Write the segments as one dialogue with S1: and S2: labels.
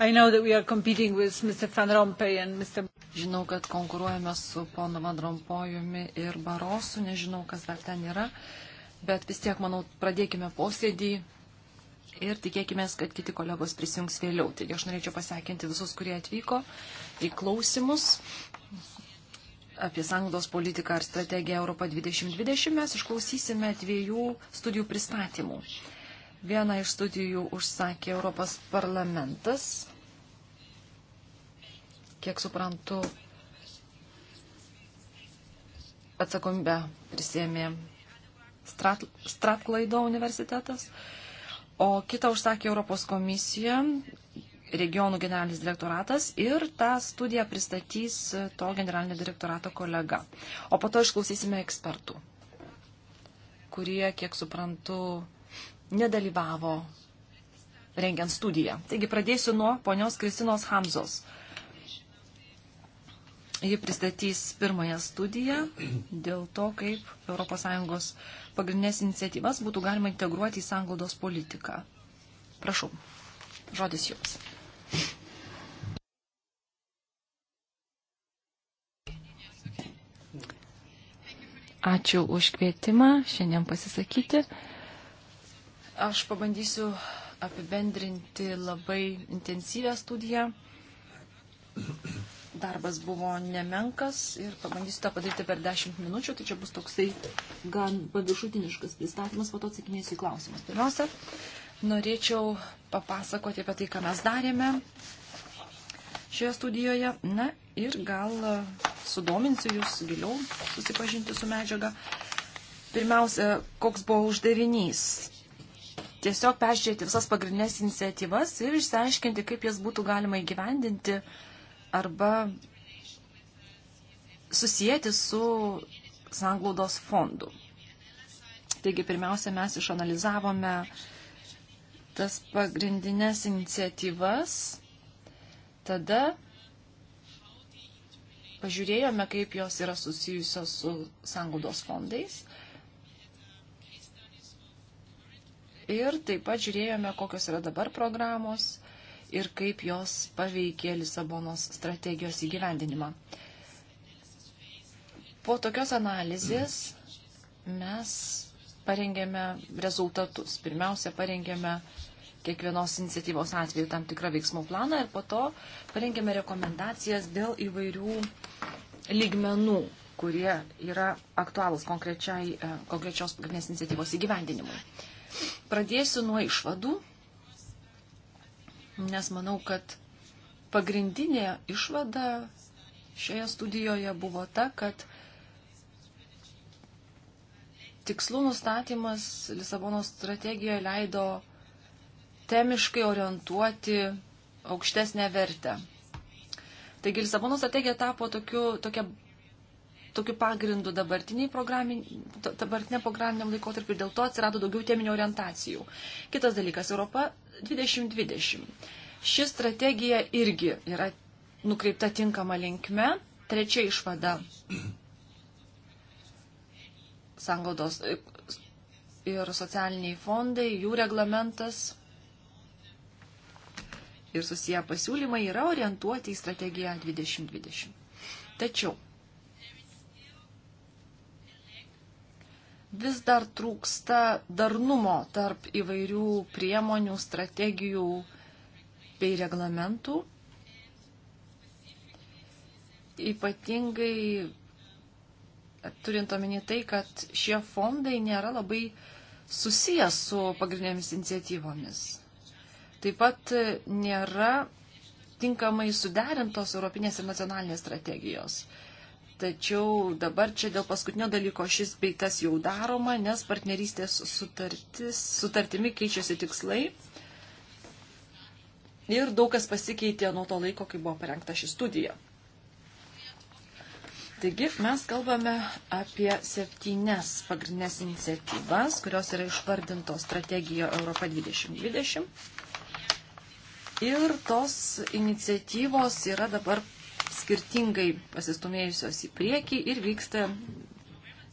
S1: Mr... Žinau, kad konkuruojame su ponu Van Rompojumi ir Barosu, nežinau, kas dar ten yra, bet vis tiek, manau, pradėkime posėdį ir tikėkime, kad kiti kolegos prisijungs vėliau. Taigi aš norėčiau pasveikinti visus, kurie atvyko į klausimus apie sanglos politiką ar strategiją Europą 2020. Mes išklausysime dviejų studijų pristatymų. Vieną iš studijų užsakė Europos parlamentas. Kiek suprantu, atsakomybę prisėmė Strat, Stratklaido universitetas, o kitą užsakė Europos komisija, regionų generalinis direktoratas ir tą studiją pristatys to generalinio direktorato kolega. O po to išklausysime ekspertų, kurie, kiek suprantu, nedalyvavo rengiant studiją. Taigi pradėsiu nuo ponios Kristinos Hamzos. Ji pristatys pirmąją studiją dėl to, kaip ES pagrindinės iniciatyvas būtų galima integruoti į sanglaudos politiką. Prašau, žodis jums. Ačiū už kvietimą šiandien pasisakyti. Aš pabandysiu apibendrinti labai intensyvę studiją. Darbas buvo nemenkas ir pabandysiu tą padaryti per 10 minučių, tai čia bus toksai gan paviršutiniškas pristatymas, po to atsakinėsiu į klausimus. Pirmiausia, norėčiau papasakoti apie tai, ką mes darėme šioje studijoje. Na ir gal sudominsiu jūs giliau susipažinti su medžiaga. Pirmiausia, koks buvo uždavinys tiesiog peržiūrėti visas pagrindinės iniciatyvas ir išsiaiškinti, kaip jas būtų galima įgyvendinti arba susijęti su sanglaudos fondu. Taigi pirmiausia, mes išanalizavome tas pagrindinės iniciatyvas, tada pažiūrėjome, kaip jos yra susijusios su sanglaudos fondais Ir taip pat žiūrėjome, kokios yra dabar programos ir kaip jos paveikė Lisabonos strategijos įgyvendinimą. Po tokios analizės mes parengėme rezultatus. Pirmiausia, parengėme kiekvienos iniciatyvos atveju tam tikrą veiksmų planą ir po to parengėme rekomendacijas dėl įvairių lygmenų, kurie yra aktualūs e, konkrečios pagrindinės iniciatyvos įgyvendinimui. Pradėsiu nuo išvadų, nes manau, kad pagrindinė išvada šioje studijoje buvo ta, kad tikslų nustatymas Lisabono strategijoje leido temiškai orientuoti aukštesnę vertę. Taigi Lisabono strategija tapo tokiu, tokia tokiu pagrindu dabartinė programiniam laikotarpiu ir dėl to atsirado daugiau teminių orientacijų. Kitas dalykas - Europa 2020. Ši strategija irgi yra nukreipta tinkama linkme. Trečia išvada - sangaudos ir socialiniai fondai, jų reglamentas ir susiję pasiūlymai yra orientuoti į strategiją 2020. Tačiau vis dar trūksta darnumo tarp įvairių priemonių, strategijų bei reglamentų. Ypatingai turint omeny tai, kad šie fondai nėra labai susijęs su pagrindinėmis iniciatyvomis. Taip pat nėra tinkamai suderintos europinės ir nacionalinės strategijos. Tačiau dabar čia dėl paskutinio dalyko šis beitas jau daroma, nes partnerystės sutartis, sutartimi keičiasi tikslai. Ir daug kas pasikeitė nuo to laiko, kai buvo parengta ši studija. Taigi mes kalbame apie septynes pagrindinės iniciatyvas, kurios yra išvardintos strategijoje Europa 2020. Ir tos iniciatyvos yra dabar skirtingai pasistumėjusios į priekį ir vyksta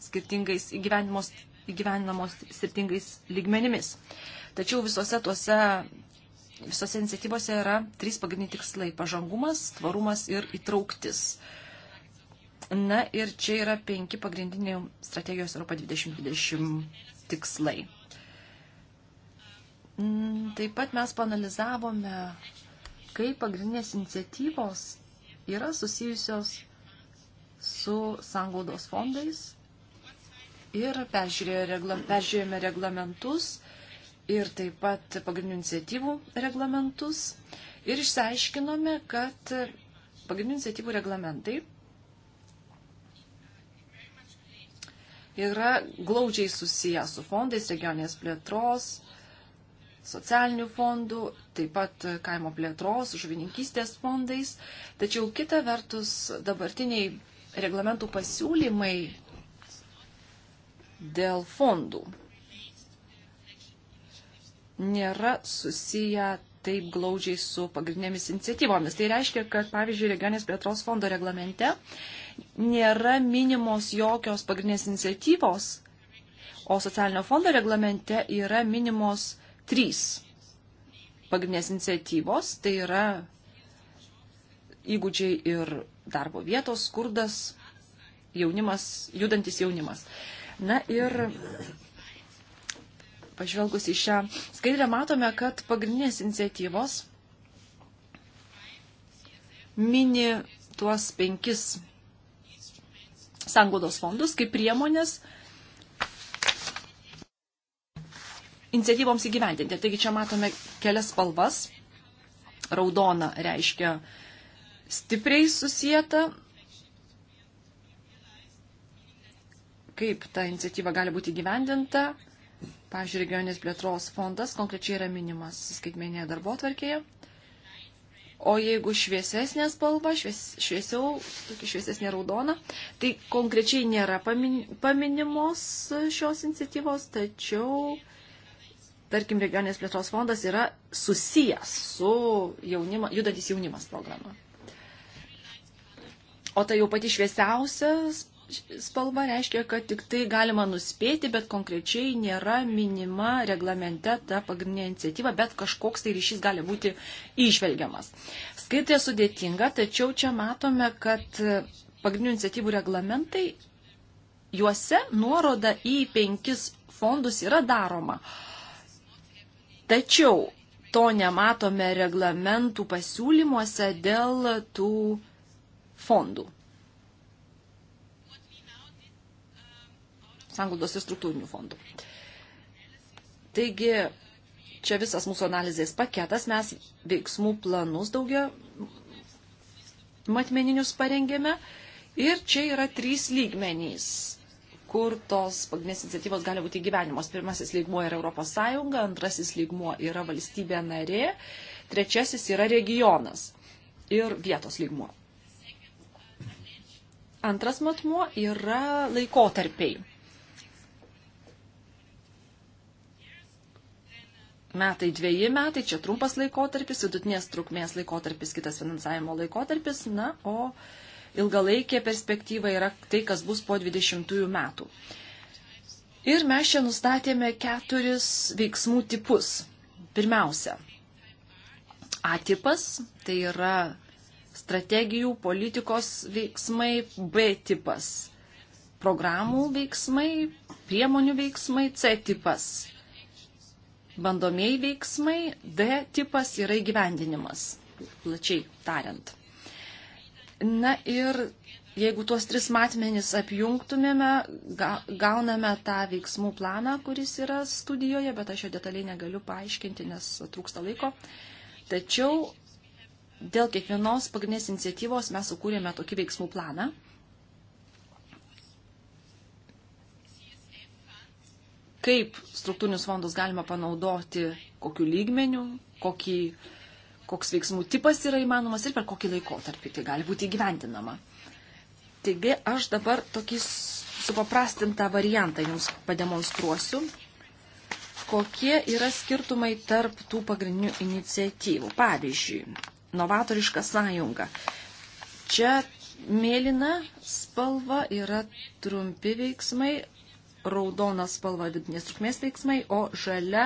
S1: skirtingais įgyveninamos skirtingais lygmenimis. Tačiau visose tuose, visose iniciatyvose yra trys pagrindiniai tikslai - pažangumas, tvarumas ir įtrauktis. Na ir čia yra penki pagrindiniai strategijos Europa 2020 tikslai. Mm, taip pat mes panalizavome, kaip pagrindinės iniciatyvos yra susijusios su sanglaudos fondais ir peržiūrėjome reglamentus ir taip pat pagrindinių iniciatyvų reglamentus ir išsiaiškinome, kad pagrindinių iniciatyvų reglamentai yra glaudžiai susiję su fondais regionės plėtros, socialinių fondų taip pat kaimo plėtros, žuvininkystės fondais. Tačiau kita vertus dabartiniai reglamentų pasiūlymai dėl fondų nėra susiję taip glaudžiai su pagrindinėmis iniciatyvomis. Tai reiškia, kad, pavyzdžiui, regionės plėtros fondo reglamente nėra minimos jokios pagrindinės iniciatyvos, o socialinio fondo reglamente yra minimos trys pagrindinės iniciatyvos, tai yra įgūdžiai ir darbo vietos, skurdas, jaunimas, judantis jaunimas. Na ir pažvelgus į šią skaidrę matome, kad pagrindinės iniciatyvos mini tuos penkis sangodos fondus kaip priemonės, iniciatyvoms įgyvendinti. Taigi čia matome kelias spalvas. Raudona reiškia stipriai susijęta, kaip ta iniciatyva gali būti gyvendinta. Pavyzdžiui, regioninės plėtros fondas konkrečiai yra minimas skaitmenėje darbo tvarkėje. O jeigu šviesesnė spalva, švies, šviesiau, tokia šviesesnė raudona, tai konkrečiai nėra pamin, paminimos šios iniciatyvos, tačiau uh, tarkim, regioninės plėtros fondas yra susijęs su jaunima, judantis jaunimas programa. O tai jau pati šviesiausia spalva reiškia, kad tik tai galima nuspėti, bet konkrečiai nėra minima reglamente ta pagrindinė iniciatyva, bet kažkoks tai ryšys gali būti išvelgiamas. Skaitė sudėtinga, tačiau čia matome, kad pagrindinių iniciatyvų reglamentai, juose nuoroda į penkis fondus yra daroma. Uh, Tačiau to nematome reglamentų pasiūlymuose dėl tų fondų. Sanglaudos ir struktūrinių fondų. Taigi, čia visas mūsų analizės paketas, mes veiksmų planus daugia matmeninius parengėme ir čia yra trys lygmenys kur tos pagrindinės iniciatyvos gali būti gyvenimos. Pirmasis lygmuo yra Europos Sąjunga, antrasis lygmuo yra valstybė narė, trečiasis yra regionas ir vietos lygmuo. Antras matmuo yra laikotarpiai. metai dviejai metai, čia trumpas laikotarpis, vidutinės trukmės laikotarpis, kitas finansavimo laikotarpis, na, o ilgalaikė perspektyva yra tai, kas bus po 20 metų. Ir mes čia nustatėme keturis veiksmų tipus. Pirmiausia, A tipas, tai yra strategijų, politikos veiksmai, B tipas, programų veiksmai, priemonių veiksmai, C tipas, bandomieji veiksmai, D tipas yra įgyvendinimas, plačiai tariant. Na ir jeigu tuos tris matmenis apjungtumėme, gauname tą veiksmų planą, kuris yra studijoje, bet aš jo detaliai negaliu paaiškinti, nes trūksta laiko. Tačiau dėl kiekvienos pagrindinės iniciatyvos mes sukūrėme tokį veiksmų planą. Kaip struktūrinius fondus galima panaudoti, kokiu lygmeniu, kokį uh, koks veiksmų tipas yra įmanomas ir per kokį laikotarpį tai gali būti įgyvendinama. Taigi aš dabar tokį supaprastintą variantą jums pademonstruosiu, kokie yra skirtumai tarp tų pagrindinių iniciatyvų. Pavyzdžiui, novatoriška sąjunga. Čia mėlyna spalva yra trumpi veiksmai, raudona spalva vidutinės trukmės veiksmai, o žalia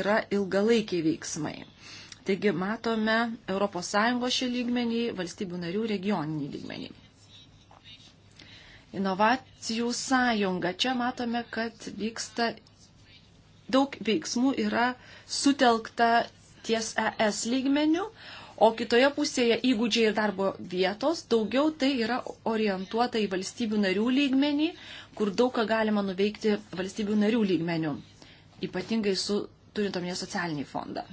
S1: yra ilgalaikiai veiksmai. Taigi matome ES šį lygmenį, valstybių narių regioninį lygmenį. Inovacijų sąjunga. Čia matome, kad vyksta daug veiksmų yra sutelkta ties ES lygmeniu, o kitoje pusėje įgūdžiai ir darbo vietos daugiau tai yra orientuota į valstybių narių lygmenį, kur daug ką galima nuveikti valstybių narių lygmeniu, ypatingai su turintominė socialinį fondą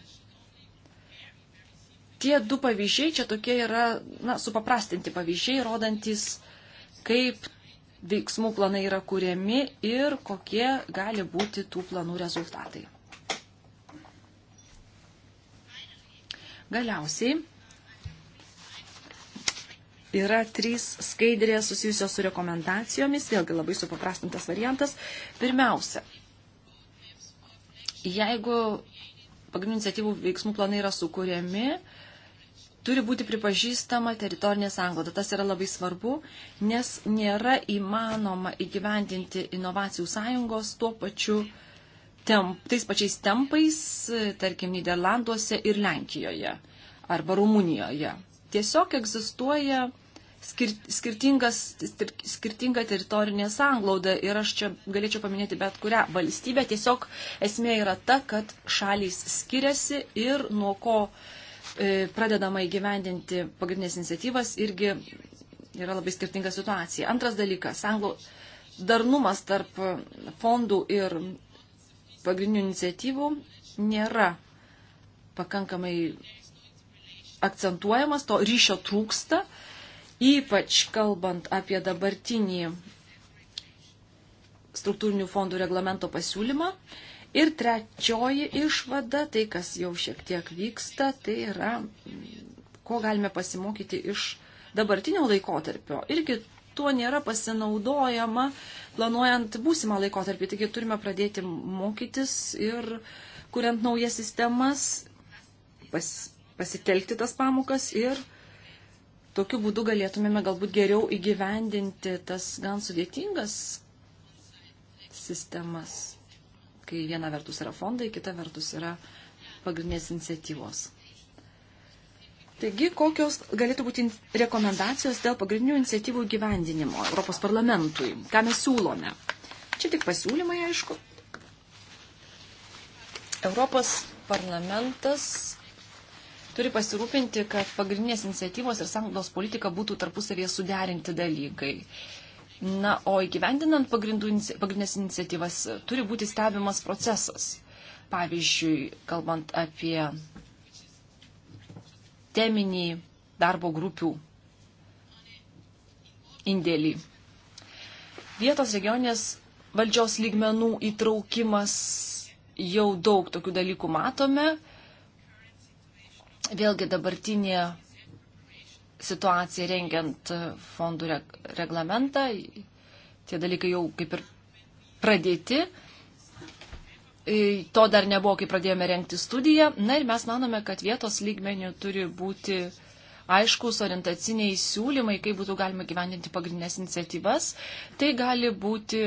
S1: tie du pavyzdžiai čia tokie yra, na, supaprastinti pavyzdžiai, rodantis, kaip veiksmų planai yra kuriami ir kokie gali būti tų planų rezultatai. Galiausiai yra trys skaidrės susijusios su rekomendacijomis, vėlgi labai supaprastintas variantas. Pirmiausia, jeigu pagrindinių iniciatyvų veiksmų planai yra sukūrėmi, turi būti pripažįstama teritorinė sąnglauda. Tas yra labai svarbu, nes nėra įmanoma įgyvendinti inovacijų sąjungos tuo pačiu temp, tais pačiais tempais, tarkim, Niderlanduose ir Lenkijoje arba Rumunijoje. Tiesiog egzistuoja skirtingas, skirtinga teritorinė sanglauda ir aš čia galėčiau paminėti bet kurią valstybę. Tiesiog esmė yra ta, kad šalys skiriasi ir nuo ko uh, E, pradedama įgyvendinti pagrindinės iniciatyvas, irgi yra labai skirtinga situacija. Antras dalykas - anglų darnumas tarp fondų ir pagrindinių iniciatyvų nėra pakankamai akcentuojamas, to ryšio trūksta, ypač kalbant apie dabartinį struktūrinių fondų reglamento pasiūlymą. Ir trečioji išvada, tai kas jau šiek tiek vyksta, tai yra, mm, ko galime pasimokyti iš dabartinio laikotarpio. Irgi tuo nėra pasinaudojama, planuojant būsimą laikotarpį. Taigi turime pradėti mokytis ir kuriant naujas sistemas, pas, pasitelkti tas pamokas ir tokiu būdu galėtumėme galbūt geriau įgyvendinti tas gan sudėtingas sistemas kai viena vertus yra fondai, kita vertus yra pagrindinės iniciatyvos. Taigi, kokios galėtų būti rekomendacijos dėl pagrindinių iniciatyvų gyvendinimo Europos parlamentui? Ką mes siūlome? Čia tik pasiūlymai, aišku. Europos parlamentas turi pasirūpinti, kad pagrindinės iniciatyvos ir sanglaudos politika būtų tarpusavėje suderinti dalykai. Na, o įgyvendinant pagrindinės iniciatyvas e, turi būti stebimas procesas. Pavyzdžiui, kalbant apie teminį darbo grupių indėlį. Vietos regionės valdžios lygmenų įtraukimas jau daug tokių dalykų matome. Vėlgi dabartinė situaciją rengiant fondų reglamentą. Tie dalykai jau kaip ir pradėti. To dar nebuvo, kai pradėjome renkti studiją. Na ir mes manome, kad vietos lygmenių turi būti aiškus orientaciniai siūlymai, kaip būtų galima gyvendinti pagrindinės iniciatyvas. Tai gali būti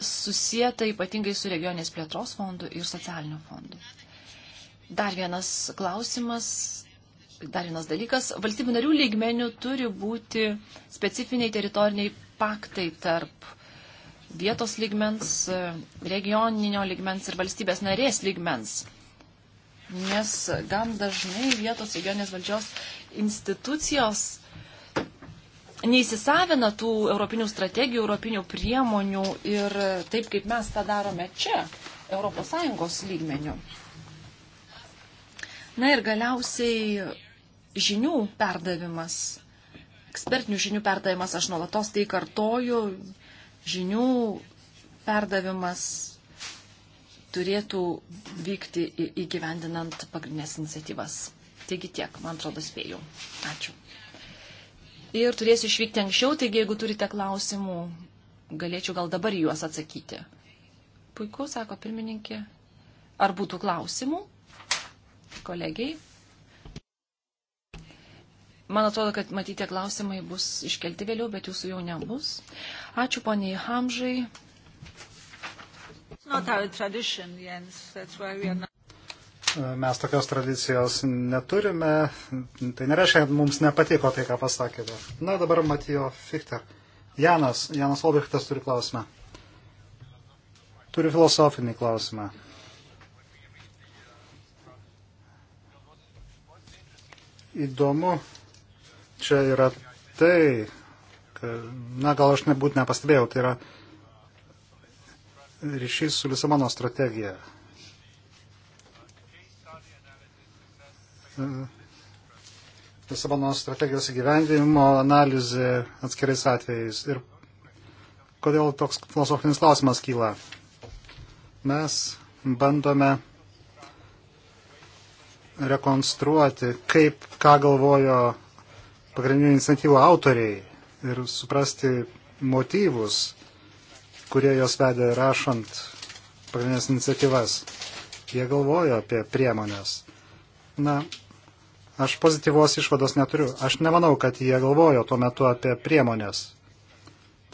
S1: susijęta ypatingai su regionės plėtros fondu ir socialiniu fondu. Dar vienas klausimas dar vienas dalykas. Valstybių narių lygmenių turi būti specifiniai teritoriniai paktai tarp vietos lygmens, regioninio lygmens ir valstybės narės lygmens. Nes gan dažnai vietos regioninės valdžios institucijos neįsisavina tų europinių strategijų, europinių priemonių ir taip, kaip mes tą darome čia, ES lygmenių. Na ir galiausiai žinių perdavimas, ekspertinių žinių perdavimas, aš nuolatos tai kartoju, žinių perdavimas turėtų vykti įgyvendinant pagrindinės iniciatyvas. Taigi tiek, man atrodo, spėjau. Ačiū. Ir turėsiu išvykti anksčiau, taigi jeigu turite klausimų, galėčiau gal dabar juos atsakyti. Puiku, sako pirmininkė. Ar būtų klausimų kolegiai? Man atrodo, kad matyti klausimai bus iškelti vėliau, bet jūsų jau nebus. Ačiū poniai Hamžai.
S2: Mes tokios tradicijos neturime. Tai nereiškia, kad mums nepatiko tai, ką pasakėte. Na, dabar Matijo Fichter. Janas, Janas Olbrichtas turi klausimą. Turiu filosofinį klausimą. Įdomu čia yra tai, kad, na gal aš nebūt nepastebėjau, tai yra ryšys su Lisabono strategija. Lisabono strategijos įgyvendinimo analizė atskirais atvejais. Ir kodėl toks filosofinis klausimas kyla? Mes bandome rekonstruoti, kaip ką galvojo pagrindinių iniciatyvų autoriai ir suprasti motyvus, kurie jos vedė rašant pagrindinės iniciatyvas. Jie galvojo apie priemonės. Na, aš pozityvos išvados neturiu. Aš nemanau, kad jie galvojo tuo metu apie priemonės.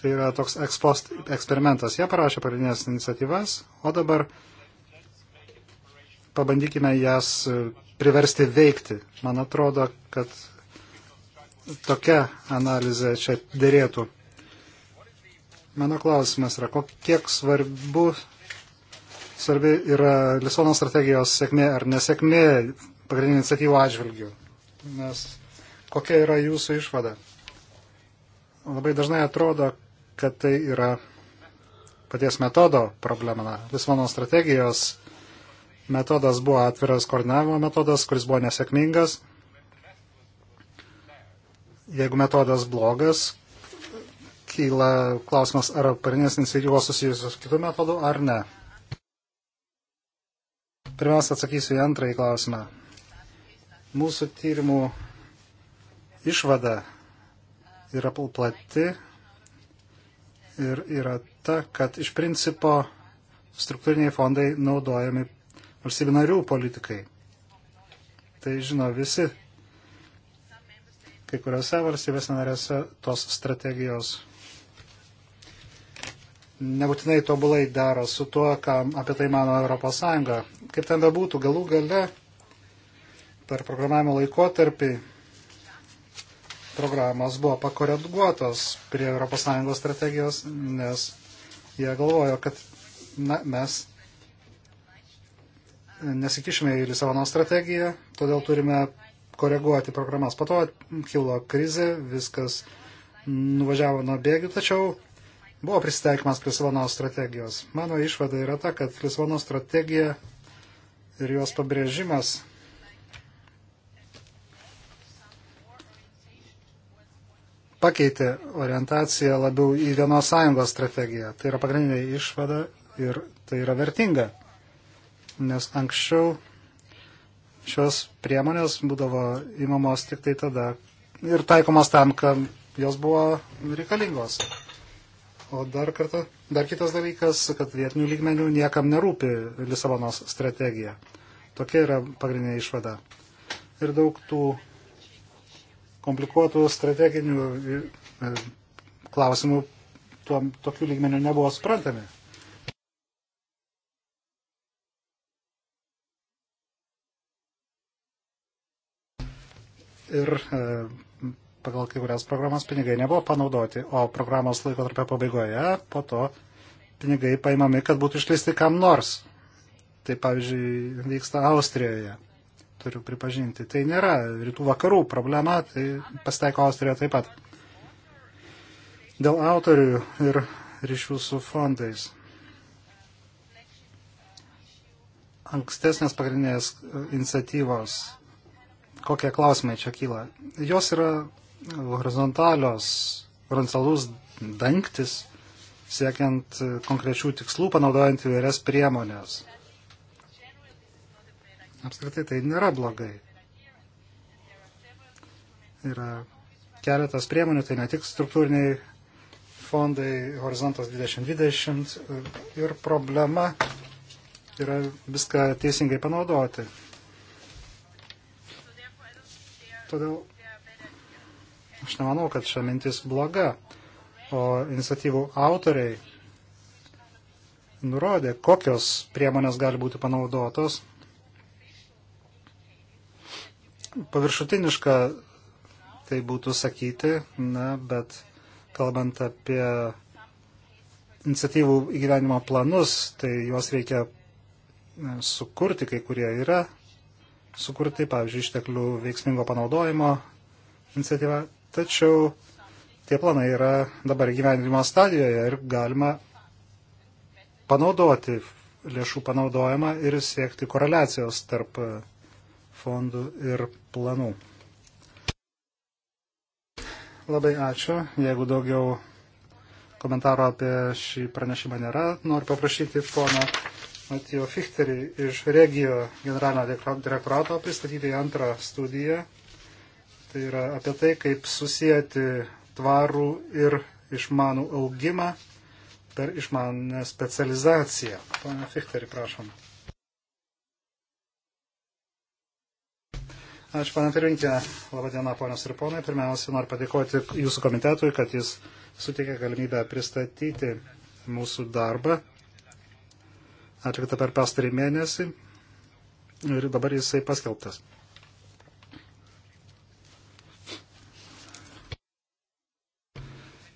S2: Tai yra toks ekspost eksperimentas. Jie parašė pagrindinės iniciatyvas, o dabar pabandykime jas priversti veikti. Man atrodo, kad tokia analizė čia dėrėtų. Mano klausimas yra, kiek svarbu, svarbi yra Lisono strategijos sėkmė ar nesėkmė pagrindinių iniciatyvų atžvilgių. Nes kokia yra jūsų išvada? Labai dažnai atrodo, kad tai yra paties metodo problema. Lisono strategijos metodas buvo atviras koordinavimo metodas, kuris buvo nesėkmingas jeigu metodas blogas, kyla klausimas, ar parinės iniciatyvos susijusios su kitų metodų ar ne. Pirmiausia, atsakysiu į antrąjį klausimą. Mūsų tyrimų išvada yra plati ir yra ta, kad iš principo struktūriniai fondai naudojami valstybinarių politikai. Tai žino visi kai kuriuose valstybės narėse tos strategijos nebūtinai tobulai dera su tuo, ką apie tai mano ES. Kaip ten bebūtų, galų gale per programavimo laikotarpį programos buvo pakoreguotos prie ES strategijos, nes jie galvojo, kad na, mes nesikišime į Lisabono strategiją, todėl turime koreguoti programas. Po to kilo krizė, viskas nuvažiavo nuo bėgių, tačiau buvo prisitaikymas prie Lisabonos strategijos. Mano išvada yra ta, kad Lisabonos strategija ir jos pabrėžimas pakeitė orientaciją labiau į vienos sąjungos strategiją. Tai yra pagrindinė išvada ir tai yra vertinga. Nes anksčiau Šios priemonės būdavo įmamos tik tai tada ir taikomos tam, kam jos buvo reikalingos. O dar, kartą, dar kitas dalykas, kad vietinių lygmenių niekam nerūpi Lisabonos strategija. Tokia yra pagrindinė išvada. Ir daug tų komplikuotų strateginių e, klausimų tuo, tokių lygmenių nebuvo suprantami. ir e, pagal kai kurias programas pinigai nebuvo panaudoti, o programos laikotarpio pabaigoje po to pinigai paimami, kad būtų išleisti kam nors. Tai pavyzdžiui vyksta Austrijoje, turiu pripažinti. Tai nėra rytų vakarų problema, tai pasitaiko Austrijoje taip pat. Dėl autorių ir ryšių su fondais. Ankstesnės pagrindinės iniciatyvos kokie klausimai čia kyla. Jos yra horizontalios, horizontalus dangtis, siekiant konkrečių tikslų, panaudojant įvairias priemonės. Apskritai tai nėra blogai. Yra keletas priemonių, tai ne tik struktūriniai fondai, horizontas 2020 ir problema yra viską teisingai panaudoti. Todėl aš nemanau, kad šią mintis bloga. O iniciatyvų autoriai nurodė, kokios priemonės gali būti panaudotos. Paviršutiniška tai būtų sakyti, na, bet kalbant apie iniciatyvų įgyvenimo planus, tai juos reikia sukurti, kai kurie yra sukurti, pavyzdžiui, išteklių veiksmingo panaudojimo iniciatyva. Tačiau tie planai yra dabar gyvenimo stadijoje ir galima panaudoti lėšų panaudojimą ir siekti koreliacijos tarp fondų ir planų. Labai ačiū. Jeigu daugiau komentaro apie šį pranešimą nėra, noriu paprašyti pono Matijo Fichterį iš Regio generalinio direktorato pristatyti antrą studiją. Tai yra apie tai, kaip susijęti tvarų ir išmanų augimą per išmanę specializaciją. Pone Fichterį, prašom. Ačiū, pana pirminkė. Labadiena, ponios ir ponai. Pirmiausia, noriu padėkoti jūsų komitetui, kad jis sutikė galimybę pristatyti mūsų darbą atlikta per pastarį mėnesį ir dabar jisai paskelbtas.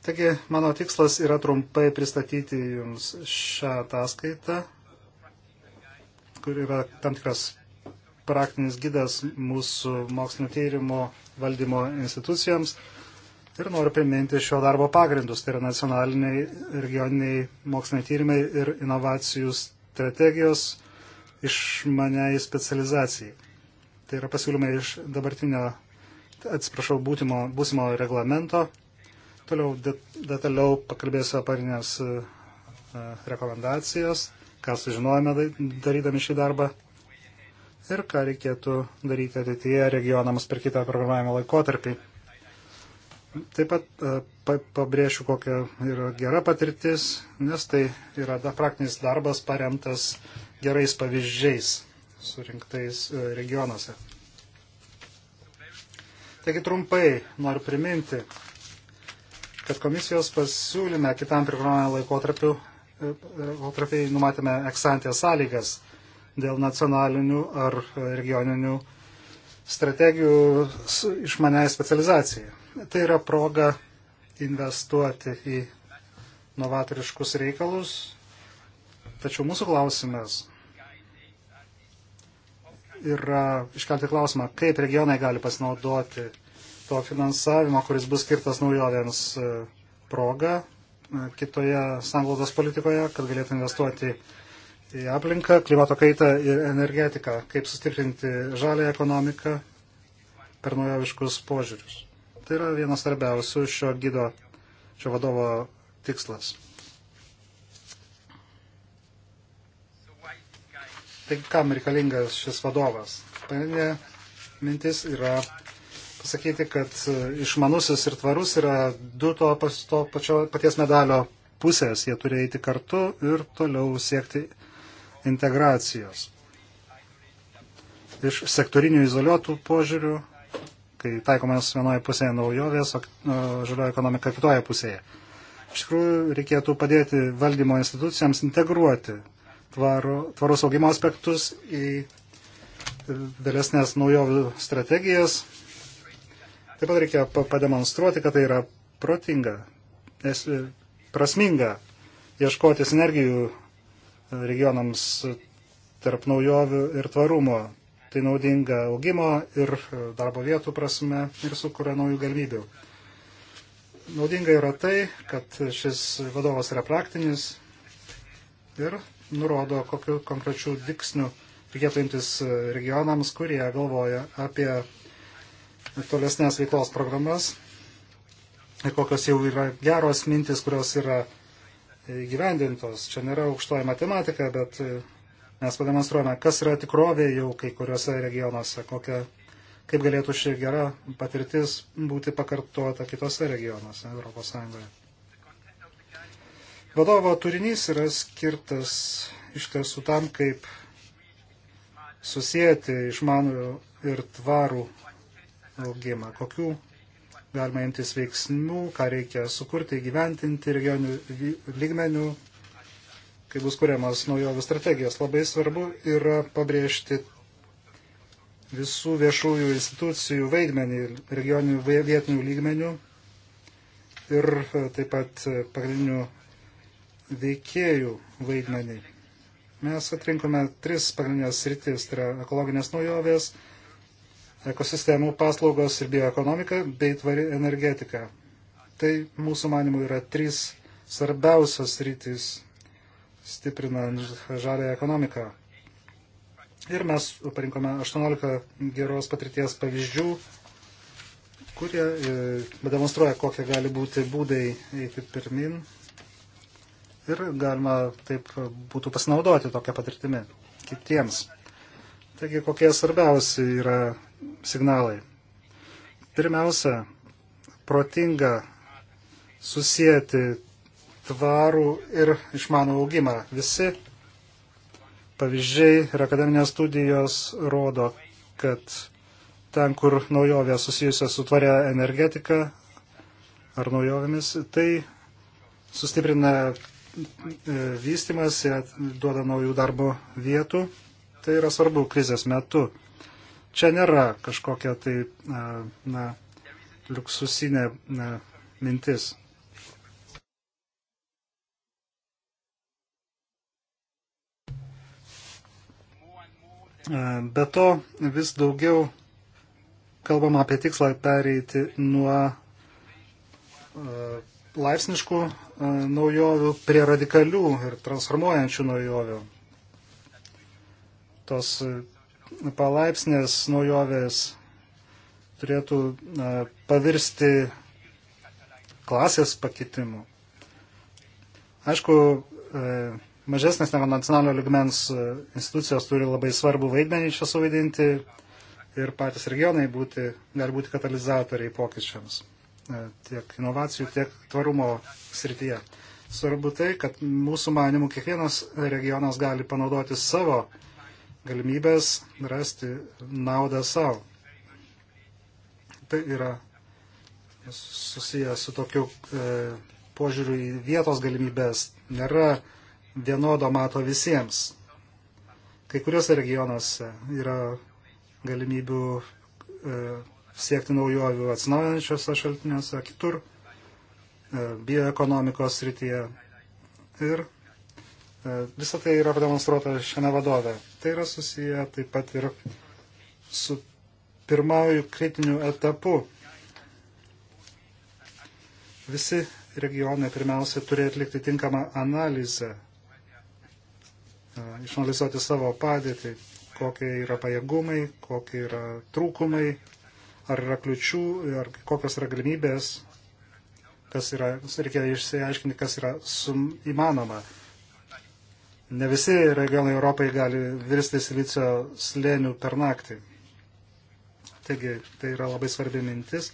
S2: Taigi, mano tikslas yra trumpai pristatyti Jums šią ataskaitą, kur yra tam tikras praktinis gydas mūsų mokslinio tyrimo valdymo institucijoms. Ir noriu priminti šio darbo pagrindus, tai yra nacionaliniai, regioniniai moksliniai tyrimai ir inovacijus strategijos išmaniai specializacijai. Tai yra pasiūlymai iš dabartinio, atsiprašau, būtimo, būsimo reglamento. Toliau detaliau pakalbėsiu aparinės e, e, rekomendacijas, ką sužinojame darydami šį darbą ir ką reikėtų daryti ateityje regionams per kitą programavimo laikotarpį. Taip pat e, pabrėšiu, kokia yra gera patirtis, nes tai yra da praktinis darbas paremtas gerais pavyzdžiais surinktais e, regionuose. Taigi trumpai noriu priminti, kad komisijos pasiūlyme kitam programavimo laikotarpiu e, laikotarpiai numatėme eksantės sąlygas dėl nacionalinių ar regioninių strategijų išmaniai specializacijai tai yra proga investuoti į novatoriškus reikalus. Tačiau mūsų klausimas yra iškelti klausimą, kaip regionai gali pasinaudoti to finansavimo, kuris bus skirtas naujovėms e, proga e, kitoje sanglaudos politikoje, kad galėtų investuoti į aplinką, klimato kaitą ir energetiką, kaip sustiprinti žalę ekonomiką per naujoviškus požiūrius. Tai yra vienas svarbiausių šio gydo, šio vadovo tikslas. Tai kam reikalingas šis vadovas? Pagrindinė mintis yra pasakyti, kad išmanusis ir tvarus yra du to, to pačio, paties medalio pusės. Jie turi eiti kartu ir toliau siekti integracijos. Iš sektorinių izoliuotų požiūrių kai taikomas vienoje pusėje naujovės, o žalioji ekonomika kitoje pusėje. Iš tikrųjų, reikėtų padėti valdymo institucijams integruoti tvaro, tvarus augimo aspektus į vėlesnės naujovių strategijas. Taip pat reikia pademonstruoti, kad tai yra protinga, e, prasminga ieškoti sinergijų regionams tarp naujovių ir tvarumo. Tai naudinga augimo ir e, darbo vietų prasme ir sukuria naujų galimybių. Naudinga yra tai, kad šis vadovas yra praktinis ir nurodo, kokiu konkrečiu diksniu reikėtų imtis e, regionams, kurie galvoja apie tolesnės veiklos programas ir kokios jau yra geros mintis, kurios yra gyvendintos. Čia nėra aukštoji matematika, bet e, Mes pademonstruojame, kas yra tikrovė jau kai kuriuose regionuose, kokia, kaip galėtų ši gera patirtis būti pakartota kitose regionuose Europos Sąjungoje. Vadovo turinys yra skirtas iš tiesų tam, kaip susijęti išmanų ir tvarų augimą, kokių galima imtis veiksmų, ką reikia sukurti, gyventinti regionių lygmenių, kai bus kuriamas naujovių strategijos. Labai svarbu yra pabrėžti visų viešųjų institucijų vaidmenį regioninių vietinių lygmenių ir e, taip pat e, pagrindinių veikėjų vaidmenį. Mes atrinkome tris pagrindinės sritis, tai yra ekologinės naujovės, ekosistemų paslaugos ir bioekonomika bei tvari energetika. Tai mūsų manimų yra trys svarbiausios rytis stiprinant žalę ekonomiką. Ir mes parinkome 18 geros patirties pavyzdžių, kurie e, demonstruoja, kokie gali būti būdai eiti pirmin. Ir galima taip būtų pasinaudoti tokią patirtimį kitiems. Taigi, kokie svarbiausi yra signalai. Pirmiausia, protinga susijęti tvarų ir išmanų augimą. Visi pavyzdžiai ir akademinės studijos rodo, kad ten, kur naujovė susijusia su tvaria energetika ar naujovėmis, tai sustiprina e, vystimas ir duoda naujų darbo vietų. Tai yra svarbu krizės metu. Čia nėra kažkokia tai, e, na, liuksusinė na, e, mintis. E, be to vis daugiau kalbama apie tikslą pereiti nuo e, laipsniškų e, naujovių prie radikalių ir transformuojančių naujovių. Tos palaipsnės naujovės turėtų pavirsti klasės pakitimu. Aišku, mažesnės negu nacionalinio ligmens e, institucijos turi labai svarbu vaidmenį čia suvaidinti ir patys regionai būti, gali būti katalizatoriai pokyčiams e, tiek inovacijų, tiek tvarumo srityje. Svarbu tai, kad mūsų manimų kiekvienas regionas gali panaudoti savo galimybės rasti naudą savo. Tai yra susijęs su tokiu e, požiūriu į vietos galimybės. Nėra e, vienodo mato visiems. Kai kuriuose regionuose yra galimybių e, siekti naujovių atsinaujančiuose šaltiniuose, kitur e, bioekonomikos srityje. Ir e, visą tai yra pademonstruota šiame vadove. Tai yra susiję taip pat ir su pirmauju kritiniu etapu. Visi regionai pirmiausia turi atlikti tinkamą analizę išanalizuoti savo padėtį, kokie yra pajėgumai, kokie yra trūkumai, ar yra kliučių, ar kokios yra galimybės, kas yra, reikia išsiaiškinti, kas yra sum, įmanoma. Ne visi regionai Europai gali virsti silicio slėnių per naktį. Taigi, tai yra labai svarbi mintis.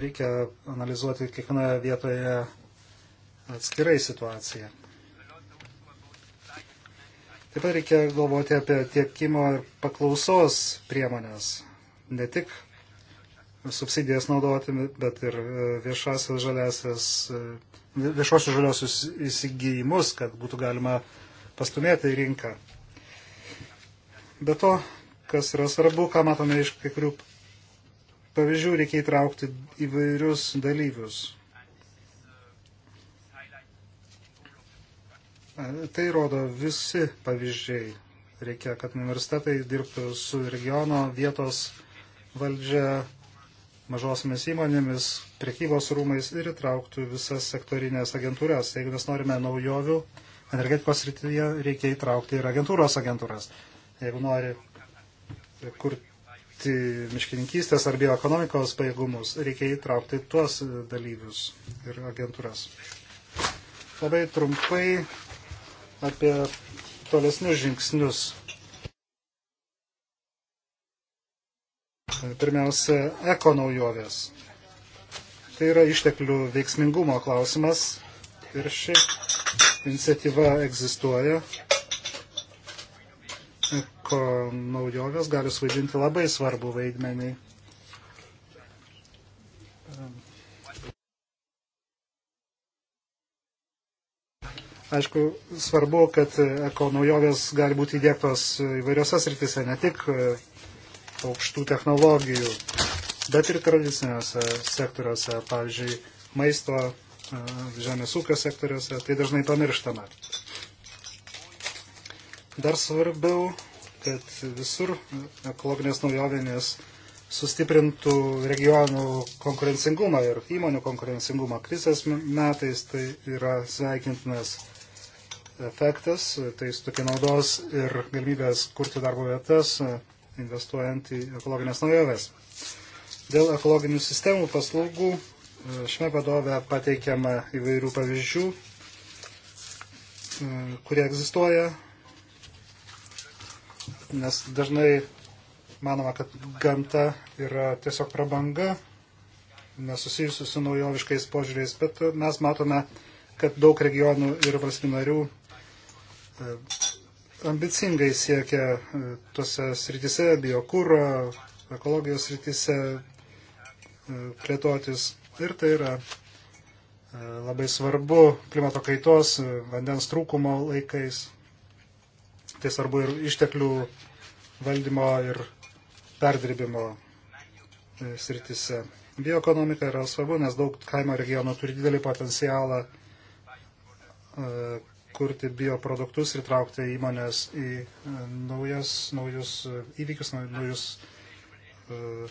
S2: Reikia analizuoti kiekvienoje vietoje atskirai situaciją. Taip pat reikia galvoti apie tiekimo ir paklausos priemonės. Ne tik subsidijas naudoti, bet ir e, viešasias žaliasias, e, viešosios žaliosius įsigijimus, kad būtų galima pastumėti į rinką. Be to, kas yra svarbu, ką matome iš kai kurių pavyzdžių, reikia įtraukti įvairius dalyvius. Tai rodo visi pavyzdžiai. Reikia, kad universitetai dirbtų su regiono vietos valdžia, mažosiamis įmonėmis, priekybos rūmais ir įtrauktų visas sektorinės agentūras. Jeigu mes norime naujovių, energetikos srityje reikia įtraukti ir agentūros agentūras. Jeigu nori kurti miškininkystės ar bioekonomikos pajėgumus, reikia įtraukti tuos dalyvius ir agentūras. Labai trumpai apie tolesnius žingsnius. Pirmiausia, eko naujovės. Tai yra išteklių veiksmingumo klausimas ir ši iniciatyva egzistuoja. Eko naujovės gali suvaidinti labai svarbu vaidmenį Aišku, svarbu, kad e, eko naujovės gali būti įdėktos e, įvairiose srityse, ne tik e, aukštų technologijų, bet ir tradiciniuose sektoriuose, pavyzdžiui, maisto, žemės ūkio sektoriuose, tai dažnai pamirštama. Dar svarbiau, kad visur ekologinės naujovės sustiprintų regionų konkurencingumą ir įmonių konkurencingumą. Krizės metais tai yra sveikintinas efektas, tai tokie naudos ir galimybės kurti darbo vietas, investuojant į ekologinės naujoves. Dėl ekologinių sistemų paslaugų e, šiame vadove pateikiama įvairių pavyzdžių, e, kurie egzistuoja, nes dažnai manoma, kad gamta yra tiesiog prabanga, nesusijusi su naujoviškais požiūriais, bet mes matome, kad daug regionų ir valstybių narių E, ambicingai siekia e, tose srityse, biokūro, ekologijos srityse e, plėtotis. Ir tai yra labai svarbu klimato kaitos, vandens trūkumo laikais. Tai svarbu ir išteklių valdymo ir perdirbimo srityse. Bioekonomika yra svarbu, nes daug kaimo regionų turi didelį potencialą kurti bioproduktus ir traukti įmonės į e, naujas, naujus e, įvykius, naujus uh,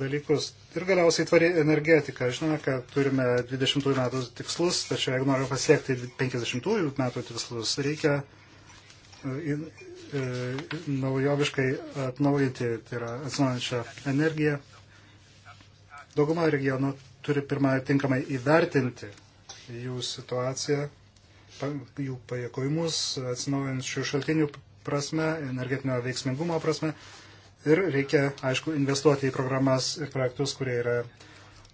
S2: dalykus. Ir galiausiai tvari energetika. Žinome, kad turime 20 metų tikslus, tačiau jeigu norime pasiekti 50 metų tikslus, reikia naujoviškai atnaujinti, tai yra atsinaujančią energiją. Dauguma regionų turi pirmą tinkamai įvertinti jų situaciją jų pajėgumus atsinaujančių šaltinių prasme, energetinio veiksmingumo prasme. Ir reikia, aišku, investuoti į programas ir projektus, kurie yra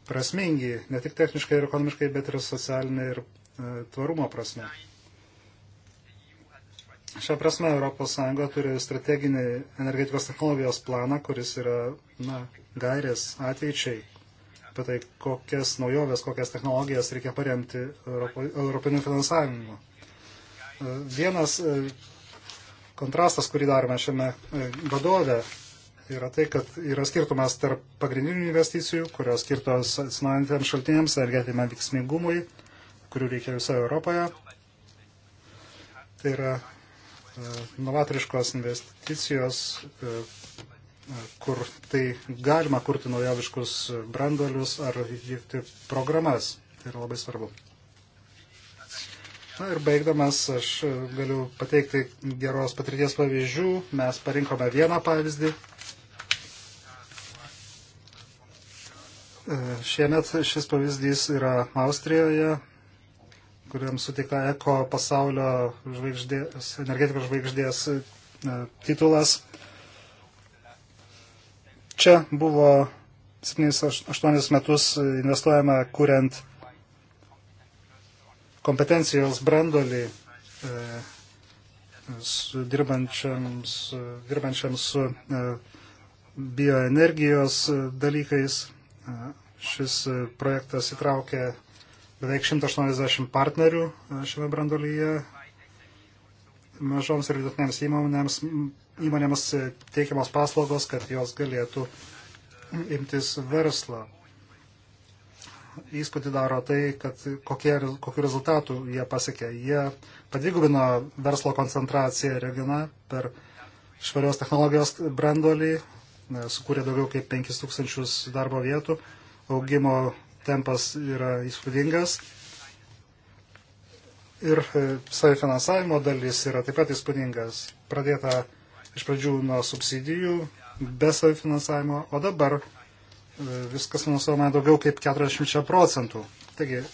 S2: prasmingi, ne tik techniškai ir ekonomiškai, bet ir socialinė ir e, tvarumo prasme. Šią prasme ES turi strateginį energetikos technologijos planą, kuris yra na, gairės ateičiai apie tai, kokias naujoves, kokias technologijas reikia paremti Europo, europiniu finansavimu. E, vienas e, kontrastas, kurį darome šiame e, vadove, yra tai, kad yra skirtumas tarp pagrindinių investicijų, kurios skirtos atsinaujantiems šaltiniams, energetiniam veiksmingumui, kurių reikia visoje Europoje. Tai yra novatoriškos investicijos, kur tai galima kurti naujoviškus brandolius ar vykti programas. Tai yra labai svarbu. Na ir baigdamas, aš galiu pateikti geros patirties pavyzdžių. Mes parinkome vieną pavyzdį. E, šiemet šis pavyzdys yra Austrijoje, kuriam suteikta Eko pasaulio žvaigždės, energetikos žvaigždės e, titulas. Čia buvo 7-8 metus investuojama kuriant kompetencijos brandolį e, su dirbančiams, dirbančiams su e, bioenergijos dalykais. E, šis e, projektas įtraukė beveik 180 partnerių e, šiame brandolyje mažoms ir vidutinėms įmonėms įmonėms e, teikiamos paslaugos, kad jos galėtų mm, imtis verslą. Įspūdį daro tai, kad kokie, kokiu rezultatu jie pasiekė. Jie padvigubino verslo koncentraciją regioną per švarios technologijos brandolį, e, sukūrė daugiau kaip 5000 darbo vietų, augimo tempas yra įspūdingas ir e, savifinansavimo dalis yra taip pat įspūdingas. Pradėta iš pradžių nuo subsidijų, be savifinansavimo, o dabar e, viskas finansuojama daugiau kaip 40 procentų. Taigi e,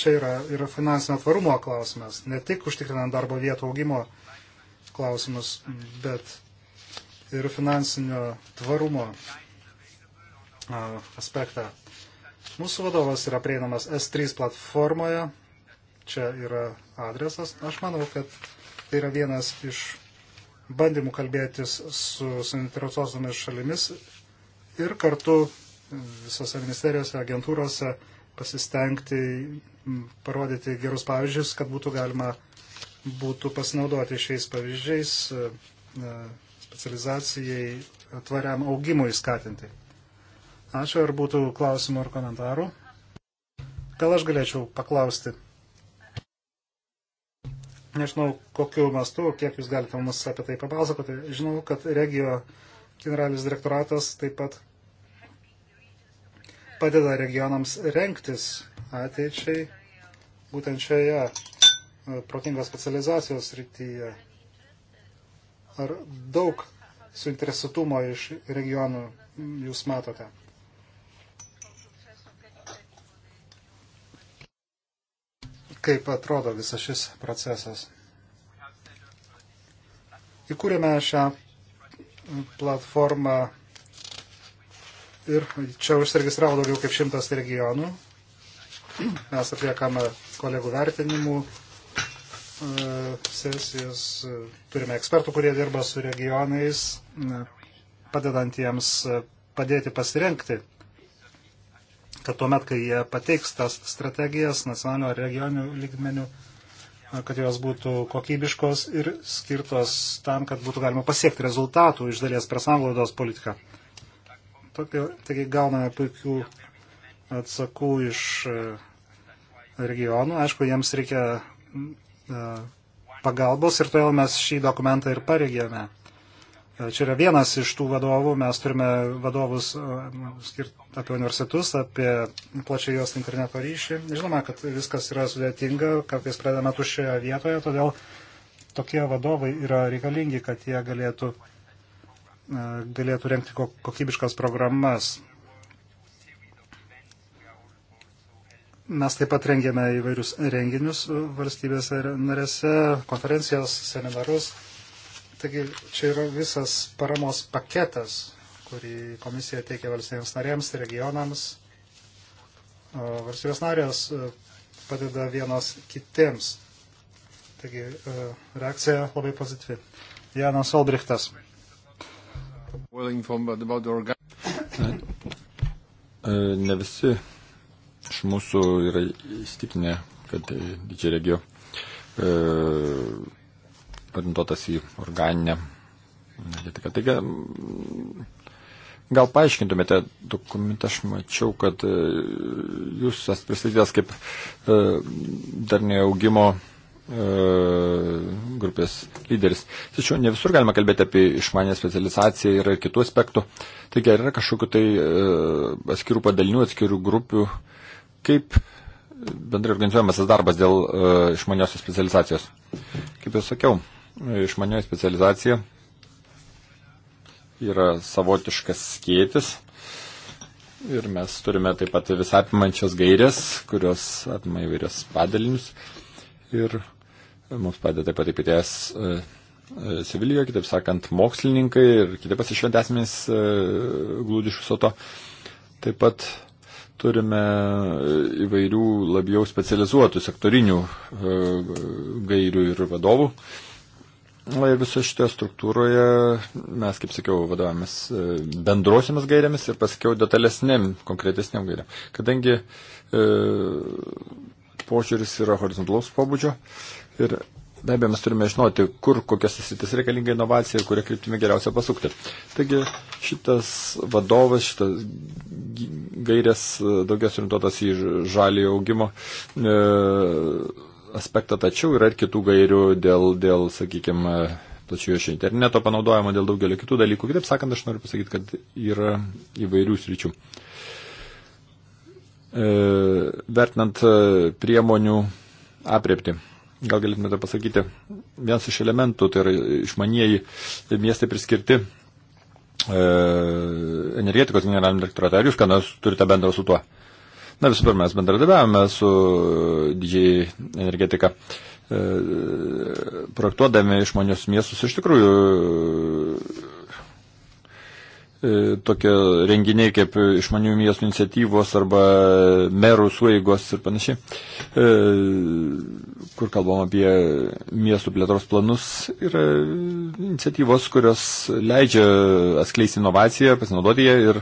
S2: čia yra, yra finansinio tvarumo klausimas, ne tik užtikrinant darbo vietų augimo klausimus, bet ir finansinio tvarumo aspektą. Mūsų vadovas yra prieinamas S3 platformoje. Čia yra adresas. Aš manau, kad tai yra vienas iš bandymų kalbėtis su suinteresuotomis šalimis ir kartu visose ministerijose, agentūrose pasistengti parodyti gerus pavyzdžius, kad būtų galima būtų pasinaudoti šiais pavyzdžiais e, e, specializacijai tvariam augimui skatinti. Ačiū, ar būtų klausimų ar komentarų? Gal aš galėčiau paklausti? nežinau, kokiu mastu, kiek jūs galite mums apie tai papasakoti. Žinau, kad regio generalinis direktoratas taip pat padeda regionams renktis ateičiai būtent šioje e, protingos specializacijos rytyje. Ar daug suinteresuotumo iš regionų jūs matote? kaip atrodo visas šis procesas. Įkūrėme šią platformą ir čia užsiregistravo daugiau kaip šimtas regionų. Mes atliekame kolegų vertinimų e, sesijas, turime ekspertų, kurie dirba su regionais, padedant jiems padėti pasirenkti kad tuomet, kai jie pateiks tas strategijas nacionalinio ar regioninių lygmenių, kad jos būtų kokybiškos ir skirtos tam, kad būtų galima pasiekti rezultatų iš dalies per sanglaudos politiką. Tokio, taigi gauname puikių atsakų iš e, regionų. Aišku, jiems reikia e, pagalbos ir todėl mes šį dokumentą ir pareigėme. E, čia yra vienas iš tų vadovų. Mes turime vadovus e, skirt apie universitetus, apie plačiai jos interneto ryšį. Žinoma, kad viskas yra sudėtinga, kartais pradedame tuščioje vietoje, todėl tokie vadovai yra reikalingi, kad jie galėtų, e, galėtų renkti kokybiškas programas. Mes taip pat rengėme įvairius renginius valstybėse narėse, konferencijas, seminarus Taigi čia yra visas paramos paketas, kurį komisija teikia valstybėms narėms, regionams. Valstybės narės e, padeda vienos kitiems. Taigi e, reakcija labai pozityvi. Janas Olbrichtas.
S3: E, ne visi iš mūsų yra įstikinę, kad didžiai regio orientuotas į organinę energetiką. Taigi, gal paaiškintumėte dokumentą, aš mačiau, kad e, jūs esate pristatytas kaip e, dar neaugimo e, grupės lyderis. Tačiau ne visur galima kalbėti apie išmanę specializaciją, yra ir kitų aspektų. Taigi, ar yra kažkokiu tai atskirų padalinių, atskirų grupių, kaip bendrai organizuojamas tas darbas dėl išmaniosios specializacijos? Kaip jau sakiau, išmanioji specializacija yra savotiškas skėtis. Ir mes turime taip pat visapimančias gairias, kurios apima įvairias padalinius. Ir mums padeda taip pat įpėtės Sevilijoje, e, kitaip sakant, mokslininkai ir kiti pasišventę asmenys e, glūdišus soto. Taip pat turime e, įvairių labiau specializuotų sektorinių gairių ir vadovų. E, Viso šitoje struktūroje mes, kaip sakiau, vadovavomės e, bendrosiamis gairėmis ir pasakiau detalesnėm, konkretesnėm gairėm. Kadangi e, požiūris yra horizontalaus pobūdžio ir be abejo mes turime žinoti, kur kokias sitis reikalinga inovacija ir kurią kryptimį geriausia pasukti. Taigi šitas vadovas, šitas gairės e, daugias orientuotas į žalį augimo. E, aspektą, tačiau yra ir kitų gairių dėl, dėl sakykime, plačiojo šio interneto panaudojimo, dėl daugelio kitų dalykų. Kitaip sakant, aš noriu pasakyti, kad yra įvairių sričių. E, vertinant e, priemonių apriepti. Gal galėtumėte pasakyti, vienas iš elementų, tai yra išmanieji miestai priskirti e, energetikos generaliniam direktoratui. Ar jūs ką nors turite bendro su tuo? E, Na visų pirma, mes bendradarbiavome su e, didžiai energetika e, projektuodami išmanius miestus iš tikrųjų e, tokie renginiai kaip išmanių miestų iniciatyvos arba merų sueigos ir panašiai, kur kalbam apie miestų plėtros planus, yra iniciatyvos, kurios leidžia atskleisti inovaciją, pasinaudoti ją ir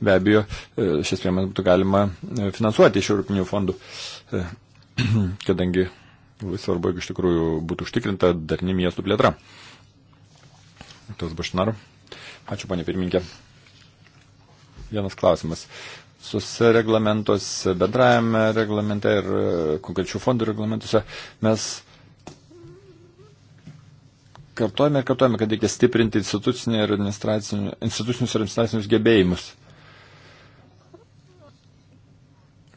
S3: be abejo, e, šias priemonės būtų galima e, finansuoti iš Europinių fondų, e, kadangi svarbu, jeigu iš tikrųjų būtų užtikrinta darni miestų plėtra. Tos Bašnaru. Ačiū, ponė pirminkė. Vienas klausimas. Suose reglamentuose, bendrajame reglamente ir konkrečių fondų reglamentuose mes kartuojame ir kartuojame, kad reikia stiprinti institucinius ir administracinius gebėjimus.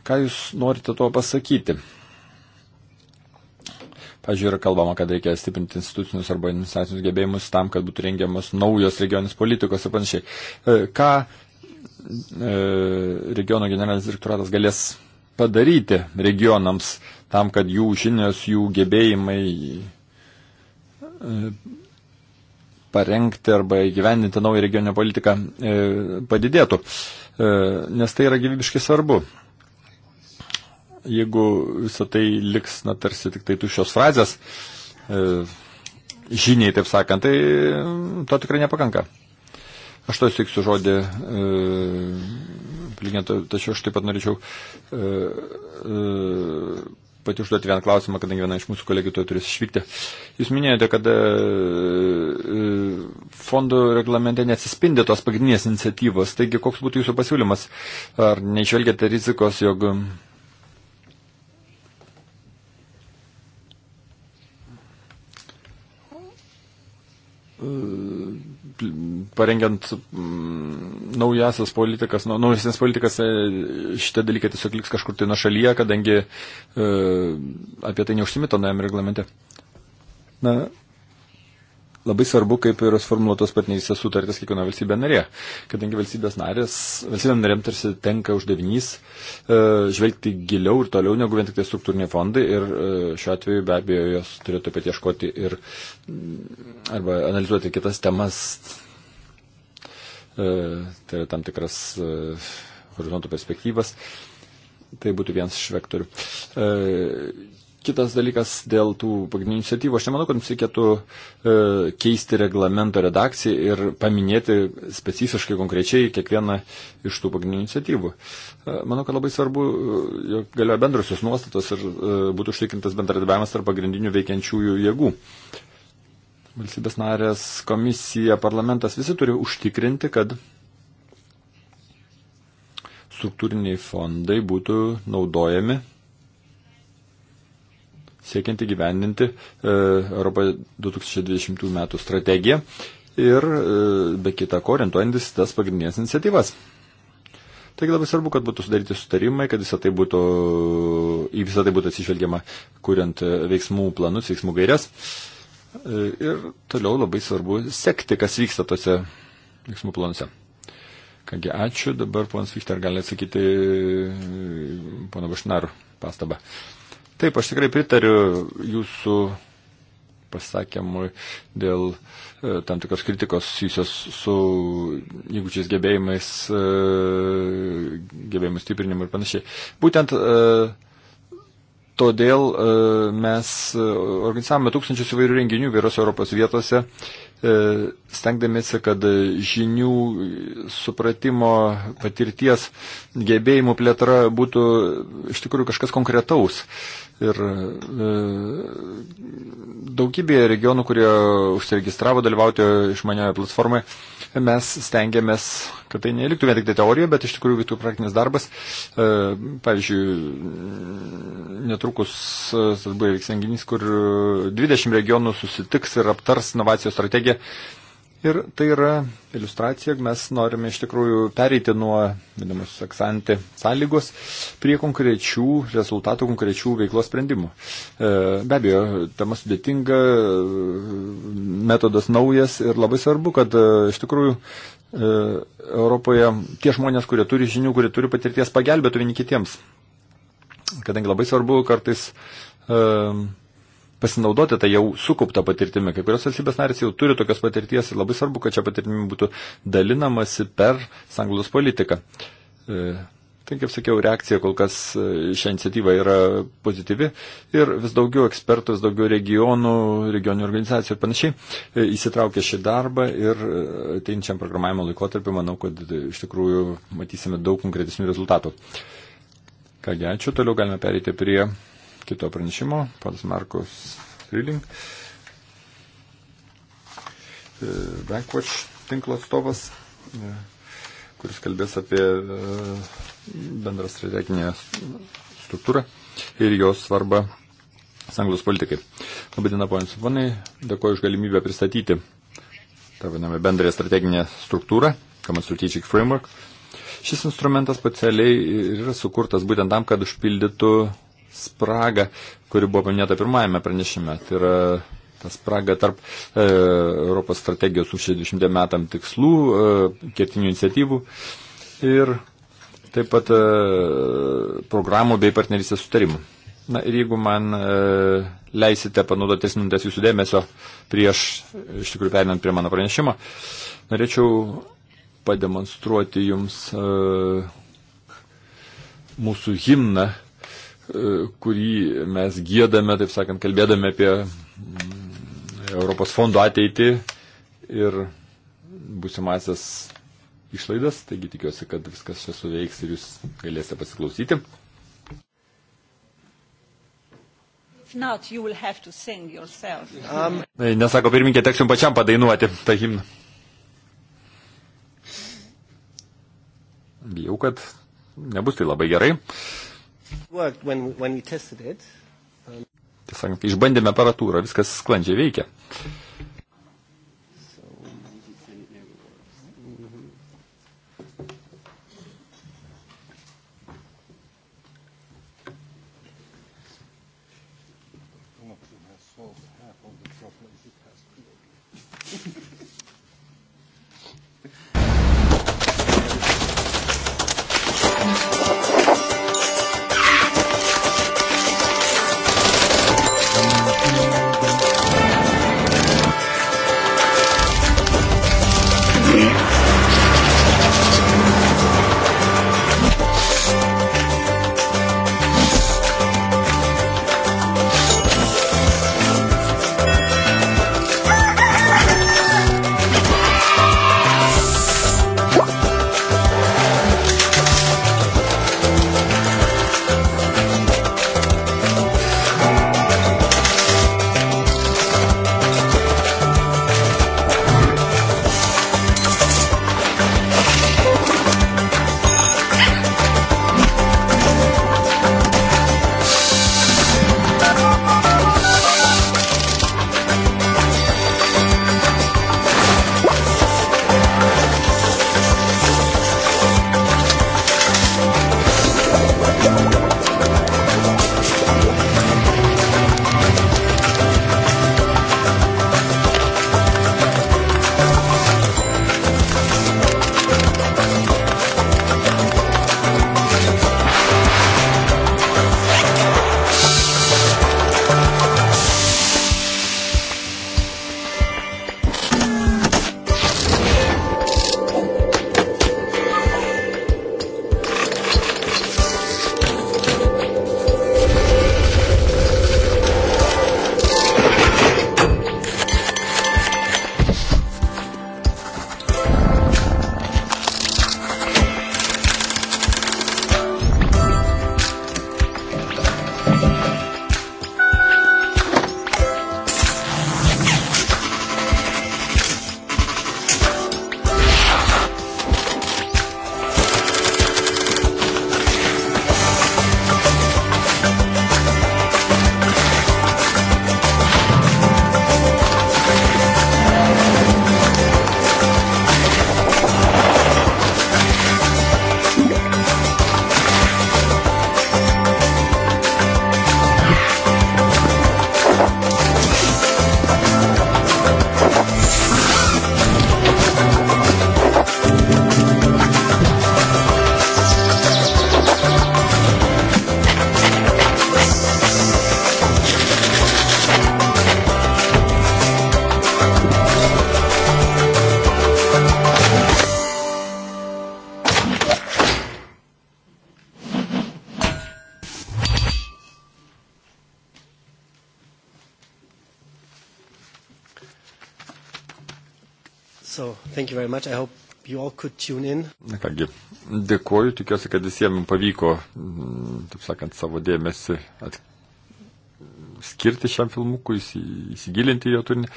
S3: Ką jūs norite tuo pasakyti? Pavyzdžiui, yra kalbama, kad reikia stiprinti institucinius arba administracinius gebėjimus tam, kad būtų rengiamos naujos regioninės politikos ir panašiai. E, ką e, regiono generalinis direktoratas galės padaryti regionams tam, kad jų žinios, jų gebėjimai e, parengti arba įgyvendinti naują regioninę politiką padidėtų, nes tai yra gyvybiškai svarbu jeigu visą tai liks, na, tarsi tik tai tušios frazės, e, žiniai, taip sakant, tai mm, to tikrai nepakanka. Aš to įsiksiu žodį, e, tačiau aš taip pat norėčiau e, e, pati užduoti vieną klausimą, kadangi viena iš mūsų kolegių to turės išvykti. Jūs minėjote, kad e, e, fondų reglamente neatsispindi tos pagrindinės iniciatyvos, taigi koks būtų jūsų pasiūlymas? Ar neišvelgiate rizikos, jog... E, E, parengiant mm, naujasias politikas, nu, naujasnės politikas, e, šitie dalykai tiesiog liks kažkur tai nuo šalyje, kadangi e, apie tai neužsimito naujame reglamente. Na, labai svarbu, kaip yra sformuotos partnerystės sutartis kiekviena valstybė narė. Kadangi valstybės narės, valstybėm narėm tarsi tenka uždavinys e, žvelgti giliau ir toliau negu vien tik tai struktūriniai fondai ir e, šiuo atveju be abejo jos turėtų pat ieškoti ir mm, arba analizuoti kitas temas. E, tai yra tam tikras e, horizontų perspektyvas. Tai būtų vienas iš vektorių. E, Kitas dalykas dėl tų pagrindinių iniciatyvų. Aš nemanau, kad mums reikėtų e, keisti reglamento redakciją ir paminėti specifiškai konkrečiai kiekvieną iš tų pagrindinių iniciatyvų. E, manau, kad labai svarbu, e, jog galioja bendrusios nuostatos ir e, būtų užtikrintas bendradarbiavimas tarp pagrindinių veikiančiųjų jėgų. Valstybės narės, komisija, parlamentas visi turi užtikrinti, kad struktūriniai fondai būtų naudojami siekiant įgyvendinti e, Europą 2020 metų strategiją ir e, be kita ko orientuojantis tas pagrindinės iniciatyvas. Taigi labai svarbu, kad būtų sudaryti sutarimai, kad visą tai būtų, į visą tai būtų atsižvelgiama, kuriant e, veiksmų planus, veiksmų gairias. Ir toliau labai svarbu sekti, kas vyksta tose veiksmų planuose. Kągi, ačiū. Dabar ponas Fichter gali atsakyti pono Vašnar pastabą. Taip, aš tikrai pritariu jūsų pasakymui dėl e, tam tikros kritikos susijusios su įgūdžiais gebėjimais, e, gebėjimų stiprinimu ir panašiai. Būtent e, todėl e, mes e, organizavome tūkstančius įvairių renginių vėros Europos vietose E, stengdamėsi, kad žinių, supratimo, patirties, gebėjimų plėtra būtų iš tikrųjų kažkas konkretaus. Ir e, daugybėje regionų, kurie užsiregistravo dalyvauti išmanioje platformoje, e, mes stengiamės, kad tai neliktų vien tik tai teorija, bet iš tikrųjų vyktų praktinis darbas. E, pavyzdžiui, netrukus e, tas buvo vyks renginys, kur 20 regionų susitiks ir aptars inovacijos strategiją Ir tai yra iliustracija, mes norime iš tikrųjų pereiti nuo, vadinamus, aksanti sąlygos prie konkrečių rezultatų, konkrečių veiklos sprendimų. E, be abejo, tema sudėtinga, metodas naujas ir labai svarbu, kad e, iš tikrųjų e, Europoje tie žmonės, kurie turi žinių, kurie turi patirties, pagelbėtų vieni kitiems. Kadangi labai svarbu kartais uh, pasinaudoti tą jau sukauptą patirtimį. Kai kurios valstybės narės jau turi tokios patirties ir labai svarbu, kad čia patirtimi būtų dalinamasi per sanglus politiką. E, Tai, kaip sakiau, reakcija kol kas e, šią iniciatyvą yra pozityvi ir vis daugiau ekspertų, vis daugiau regionų, regionių organizacijų ir panašiai e, įsitraukia šį darbą ir e, ateinčiam programavimo laikotarpiu manau, kad iš tikrųjų matysime daug konkretesnių rezultatų. Kągi, ačiū, toliau galime pereiti prie kito pranešimo, panas Markus Ryling, e, Bankwatch tinklo atstovas, e, kuris kalbės apie e, bendrą strateginę struktūrą ir jos svarbą sanglos politikai. Labadiena, ponis Vanai, dėkoju už galimybę pristatyti tą vadinamą bendrąją strateginę struktūrą, Common Strategic Framework. Šis instrumentas specialiai yra sukurtas būtent tam, kad užpildytų spragą, kuri buvo paminėta pirmajame pranešime. Tai yra ta spraga tarp e, Europos strategijos už 60 metam tikslų, e, ketinių iniciatyvų ir taip pat e, programų bei partnerystės sutarimų. Na ir jeigu man e, leisite panaudoti tris minutės jūsų dėmesio prieš, iš tikrųjų, perinant prie mano pranešimo, norėčiau pademonstruoti jums e, mūsų himną, E, kurį mes gėdame, taip sakant, kalbėdami apie Europos fondo ateitį ir būsimasias išlaidas, taigi tikiuosi, kad viskas čia suveiks ir jūs galėsite pasiklausyti.
S1: Not, um,
S3: Nesako pirminkė, teks jums pačiam padainuoti tą himną. Bijau, kad nebus tai labai gerai. Uh,
S2: When, when it. Um...
S3: Tiesą sakant, išbandėme aparatūrą, viskas sklandžiai veikia. Uh,
S2: Thank you very much. I hope you all could tune in.
S3: Na kągi, dėkuoju, tikiuosi, kad visiems pavyko, mm, taip sakant, savo dėmesį atkreipti skirti šiam filmukui, įsigilinti jo turinį.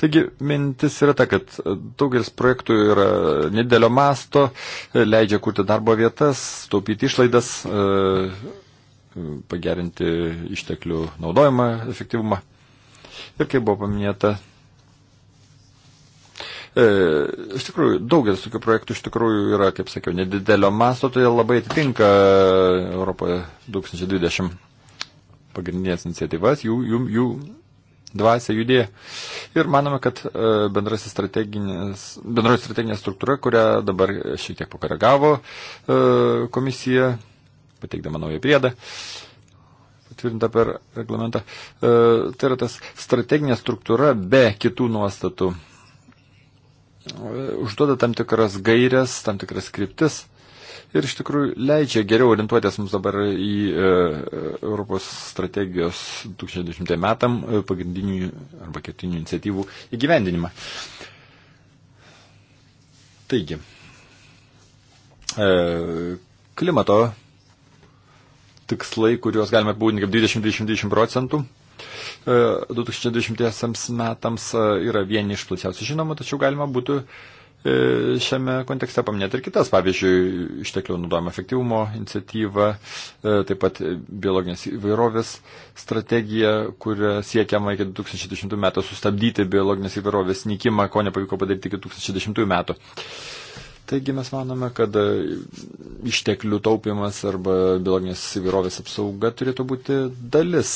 S3: Taigi, mintis yra ta, kad e, daugelis projektų yra nedėlio masto, e, leidžia kurti darbo vietas, taupyti išlaidas, e, pagerinti išteklių naudojimą, efektyvumą. Ir kaip buvo paminėta, E, iš tikrųjų, daugelis tokių projektų iš tikrųjų yra, kaip sakiau, nedidelio masto, todėl tai labai atitinka Europoje 2020 pagrindinės iniciatyvas, jų, jų, jų dvasia judėja. Ir manome, kad e, bendrasis strateginės, bendrasis strateginė struktūra, kurią dabar šiek tiek pakoregavo e, komisija, pateikdama naują priedą, patvirtinta per reglamentą, e, tai yra tas strateginė struktūra be kitų nuostatų užduoda tam tikras gairias, tam tikras kryptis ir iš tikrųjų leidžia geriau orientuotis mums dabar į e, Europos strategijos 2020 metam e, pagrindinių arba ketinių iniciatyvų įgyvendinimą. Taigi, e, klimato tikslai, kuriuos galime apibūdinti kaip 20-20 procentų. -20 2020 e, metams e, yra vieni iš plačiausių žinoma, tačiau galima būtų e, šiame kontekste paminėti ir kitas, pavyzdžiui, išteklių naudojimo efektyvumo iniciatyva, taip pat biologinės įvairovės strategija, kuria siekiama iki 2010 metų sustabdyti biologinės įvairovės nykimą, ko nepavyko padaryti iki 2010 metų. Taigi mes manome, kad išteklių taupimas arba biologinės įvairovės apsauga turėtų būti dalis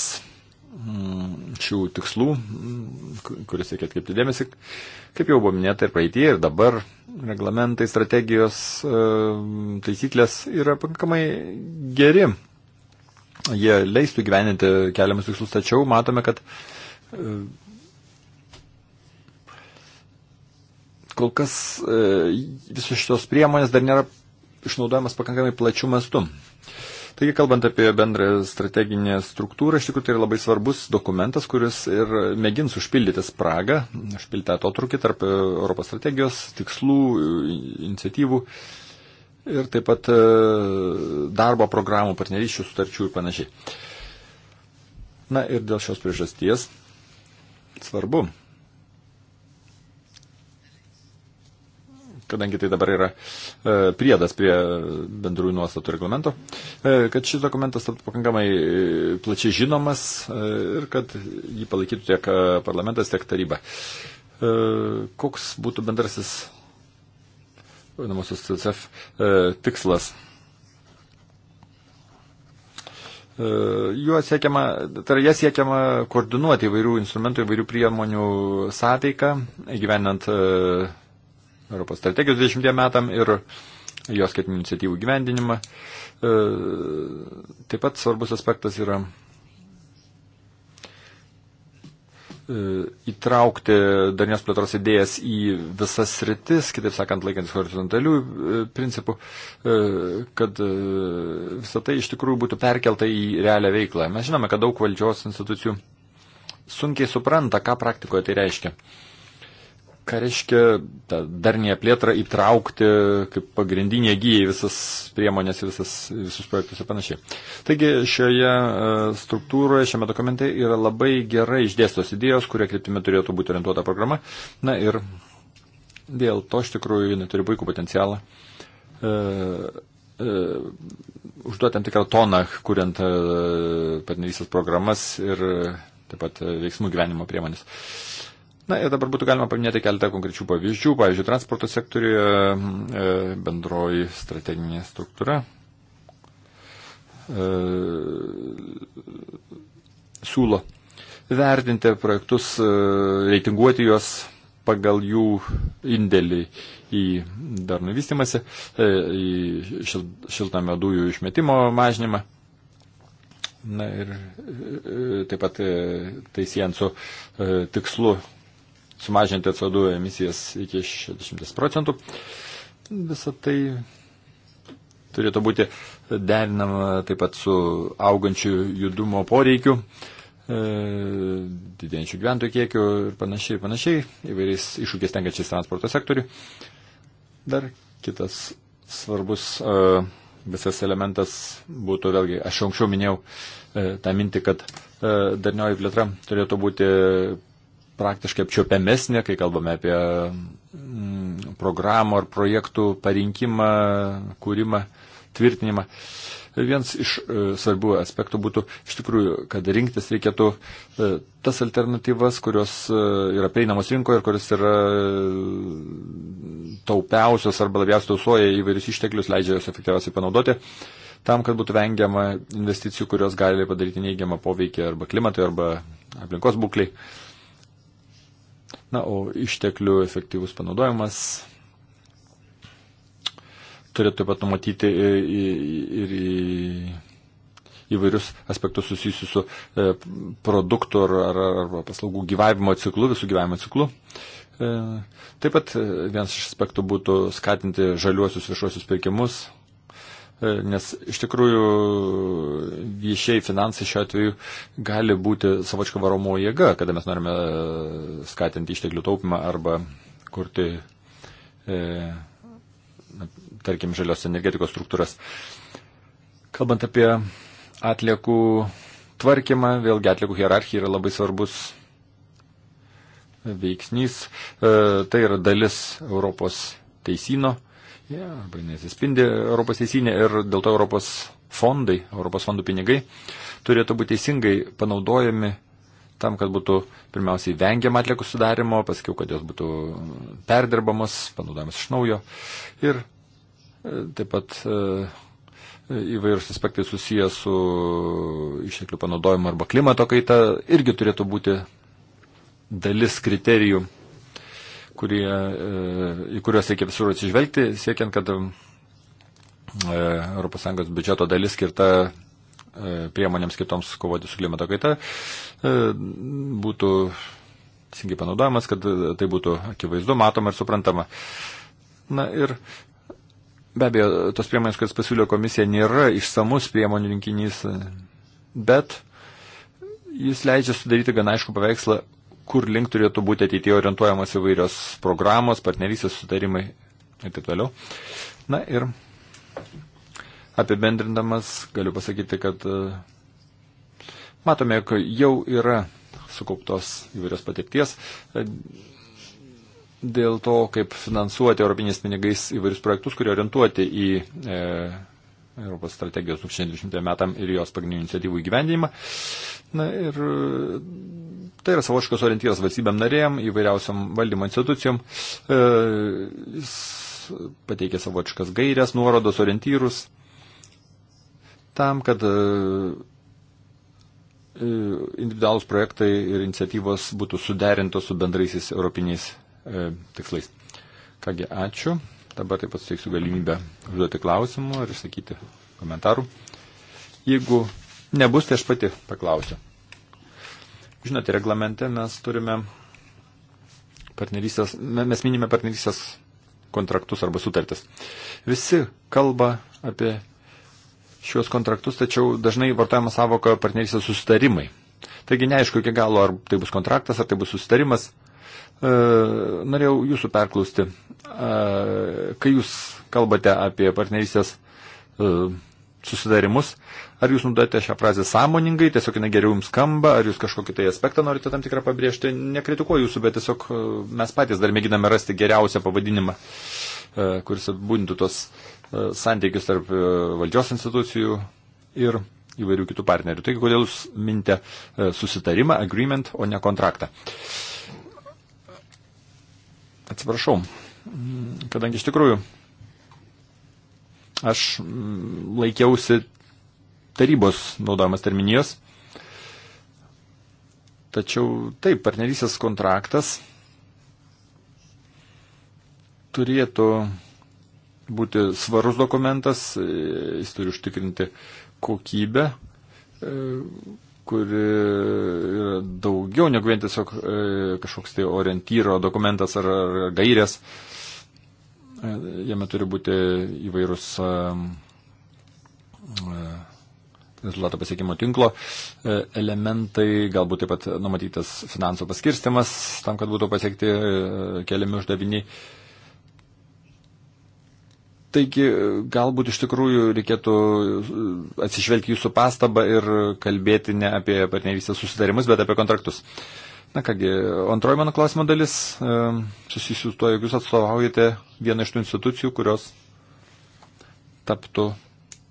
S3: Mm, šių tikslų, mm, kuris reikia atkreipti dėmesį, kaip jau buvo minėta ir praeitie, ir dabar reglamentai, strategijos, e, taisyklės yra pakankamai geri. Jie leistų gyveninti keliamus tikslus, tačiau matome, kad e, kol kas e, visos šitos priemonės dar nėra išnaudojamas pakankamai plačių mastų. Taigi, kalbant apie bendrą strateginę struktūrą, iš tikrųjų tai yra labai svarbus dokumentas, kuris ir mėgins užpildyti spragą, užpildyti atotrukį tarp Europos strategijos tikslų, iniciatyvų ir taip pat e, darbo programų, partnerysčių, sutarčių ir panašiai. Na ir dėl šios priežasties svarbu, kadangi tai dabar yra e, priedas prie bendrųjų nuostatų reglamento, e, kad šis dokumentas taptų pakankamai e, plačiai žinomas ir kad jį palaikytų tiek parlamentas, tiek taryba. Koks būtų bendrasis vadinamosios CCF tikslas? Juo siekiama, tai yra, jie siekiama koordinuoti įvairių instrumentų, įvairių priemonių sąteiką, įgyvenant uh, Europos strategijos 20 metam ir jos kaip iniciatyvų gyvendinimą. E, taip pat svarbus aspektas yra e, įtraukti darnios plėtros idėjas į visas sritis, kitaip sakant, laikantis horizontalių e, principų, kad visą tai iš tikrųjų būtų perkelta į realią veiklą. Mes žinome, kad daug valdžios institucijų sunkiai supranta, ką praktikoje tai reiškia ką reiškia tą darnėje plėtrą įtraukti kaip pagrindinė gyja į visas priemonės, visas, visus projektus ir panašiai. Taigi šioje e, struktūroje, šiame dokumente yra labai gerai išdėstos idėjos, kurie kryptimi turėtų būti orientuota programa. Na ir dėl to iš tikrųjų jinai turi puikų potencialą. E, e, užduoti tam tikrą toną, kuriant e, partnerystės programas ir e, taip pat e, veiksmų gyvenimo priemonės. E, Na ir dabar būtų galima paminėti keletą konkrečių pavyzdžių. Pavyzdžiui, transporto sektoriuje e, bendroji strateginė struktūra e, siūlo vertinti projektus, e, reitinguoti juos pagal jų indėlį į darnų vystimąsi, į šiltnamio dujų išmetimo mažinimą. Na ir taip pat tai siejant su tikslu sumažinti CO2 emisijas iki 60 procentų. Visą tai turėtų būti derinama taip pat su augančiu judumo poreikiu, e, didėjančiu gyventojų kiekiu ir panašiai, panašiai, įvairiais iššūkiais tenkačiais transporto sektoriui. Dar kitas svarbus e, visas elementas būtų vėlgi, aš anksčiau minėjau e, tą mintį, kad darnioji plėtra turėtų būti praktiškai apčiopiamesnė, kai kalbame apie mm, programų ar projektų parinkimą, kūrimą, tvirtinimą. Vienas iš e, svarbių aspektų būtų iš tikrųjų, kad rinktis reikėtų e, tas alternatyvas, kurios e, yra prieinamos rinkoje ir kurios yra taupiausios arba labiausiai tausoja įvairius išteklius, leidžia juos efektyviausiai panaudoti tam, kad būtų vengiama investicijų, kurios gali padaryti neigiamą poveikį arba klimatui, arba aplinkos būkliai. Na, o išteklių efektyvus panaudojimas turėtų taip pat numatyti ir į įvairius aspektus susijusius su e, produktų ar, ar, ar paslaugų gyvavimo ciklu, visų gyvavimo ciklu. E, taip pat e, vienas iš aspektų būtų skatinti žaliuosius viešuosius pirkimus, E, nes iš tikrųjų viešiai finansai šiuo atveju gali būti savočka varomo jėga, kada mes norime e, skatinti išteklių taupimą arba kurti, e, tarkim, žalios energetikos struktūras. Kalbant apie atliekų tvarkymą, vėlgi atliekų hierarchija yra labai svarbus e, veiksnys. E, tai yra dalis Europos teisino ja, arba jinai atsispindi Europos teisinė ir dėl to Europos fondai, Europos fondų pinigai turėtų būti teisingai panaudojami tam, kad būtų pirmiausiai vengiama atliekų sudarimo, paskiau, kad jos būtų perdirbamos, panaudojamas iš naujo. Ir e, taip pat e, įvairūs aspektai susijęs su išteklių panaudojimu arba klimato kaita irgi turėtų būti dalis kriterijų kurie, e, į kuriuos reikia visur atsižvelgti, siekiant, kad e, ES biudžeto dalis skirta e, priemonėms kitoms kovoti su klimato kaita būtų teisingai panaudojamas, kad tai būtų akivaizdu, matoma ir suprantama. Na ir be abejo, tos priemonės, kurias pasiūlė komisija, nėra išsamus priemonių rinkinys, bet jis leidžia sudaryti gan aišku paveikslą, kur link turėtų būti ateityje orientuojamas įvairios programos, partnerysės sutarimai ir taip toliau. Na ir apibendrindamas galiu pasakyti, kad e, matome, jog jau yra sukauptos įvairios patirties e, dėl to, kaip finansuoti europinės pinigais įvairius projektus, kurie orientuoti į e, Europos strategijos 2020 metam ir jos pagrindinių iniciatyvų įgyvendinimą. Na ir e, tai yra savoškas orientyras valstybėm narėjom, įvairiausiam valdymo institucijom. E, jis pateikė savoškas gairias, nuorodos, orientyrus tam, kad e, e individualus projektai ir iniciatyvos būtų suderintos su bendraisiais europiniais e, tikslais. Kągi, ačiū. Dabar taip pat suteiksiu galimybę užduoti klausimų ir išsakyti komentarų. Jeigu nebus, tai aš pati paklausiu. Žinote, reglamente mes turime partnerystės, mes minime partnerystės kontraktus arba sutartis. Visi kalba apie šios kontraktus, tačiau dažnai vartojama savoka partnerystės susitarimai. Taigi neaišku iki galo, ar tai bus kontraktas, ar tai bus susitarimas. E, norėjau jūsų perklausti. E, kai jūs kalbate apie partnerystės e, susidarimus, ar jūs nudate šią frazę sąmoningai, tiesiog jinai geriau jums skamba, ar jūs kažkokį tai aspektą norite tam tikrą pabrėžti, nekritikuoju jūsų, bet tiesiog mes patys dar mėginame rasti geriausią pavadinimą, kuris apibūdintų tos santykius tarp valdžios institucijų ir įvairių kitų partnerių. Taigi, kodėl jūs mintė susitarimą, agreement, o ne kontraktą? Uh, Atsiprašau, kadangi iš tikrųjų aš laikiausi tarybos naudojamas terminijos, tačiau taip, partnerysės kontraktas turėtų būti svarus dokumentas, jis turi užtikrinti kokybę, e, kuri yra daugiau negu vien tiesiog e, kažkoks tai orientyro dokumentas ar gairės. E, jame turi būti įvairūs e, rezultato pasiekimo tinklo elementai, galbūt taip pat numatytas finansų paskirstimas tam, kad būtų pasiekti keliami uždaviniai. Taigi galbūt iš tikrųjų reikėtų e, atsižvelgti jūsų pastabą ir kalbėti ne apie partnerystės susitarimus, bet apie kontraktus. Na kągi, antroji mano klausimo dalis e, susijusiu su to, jog jūs atstovaujate vieną iš tų institucijų, kurios taptų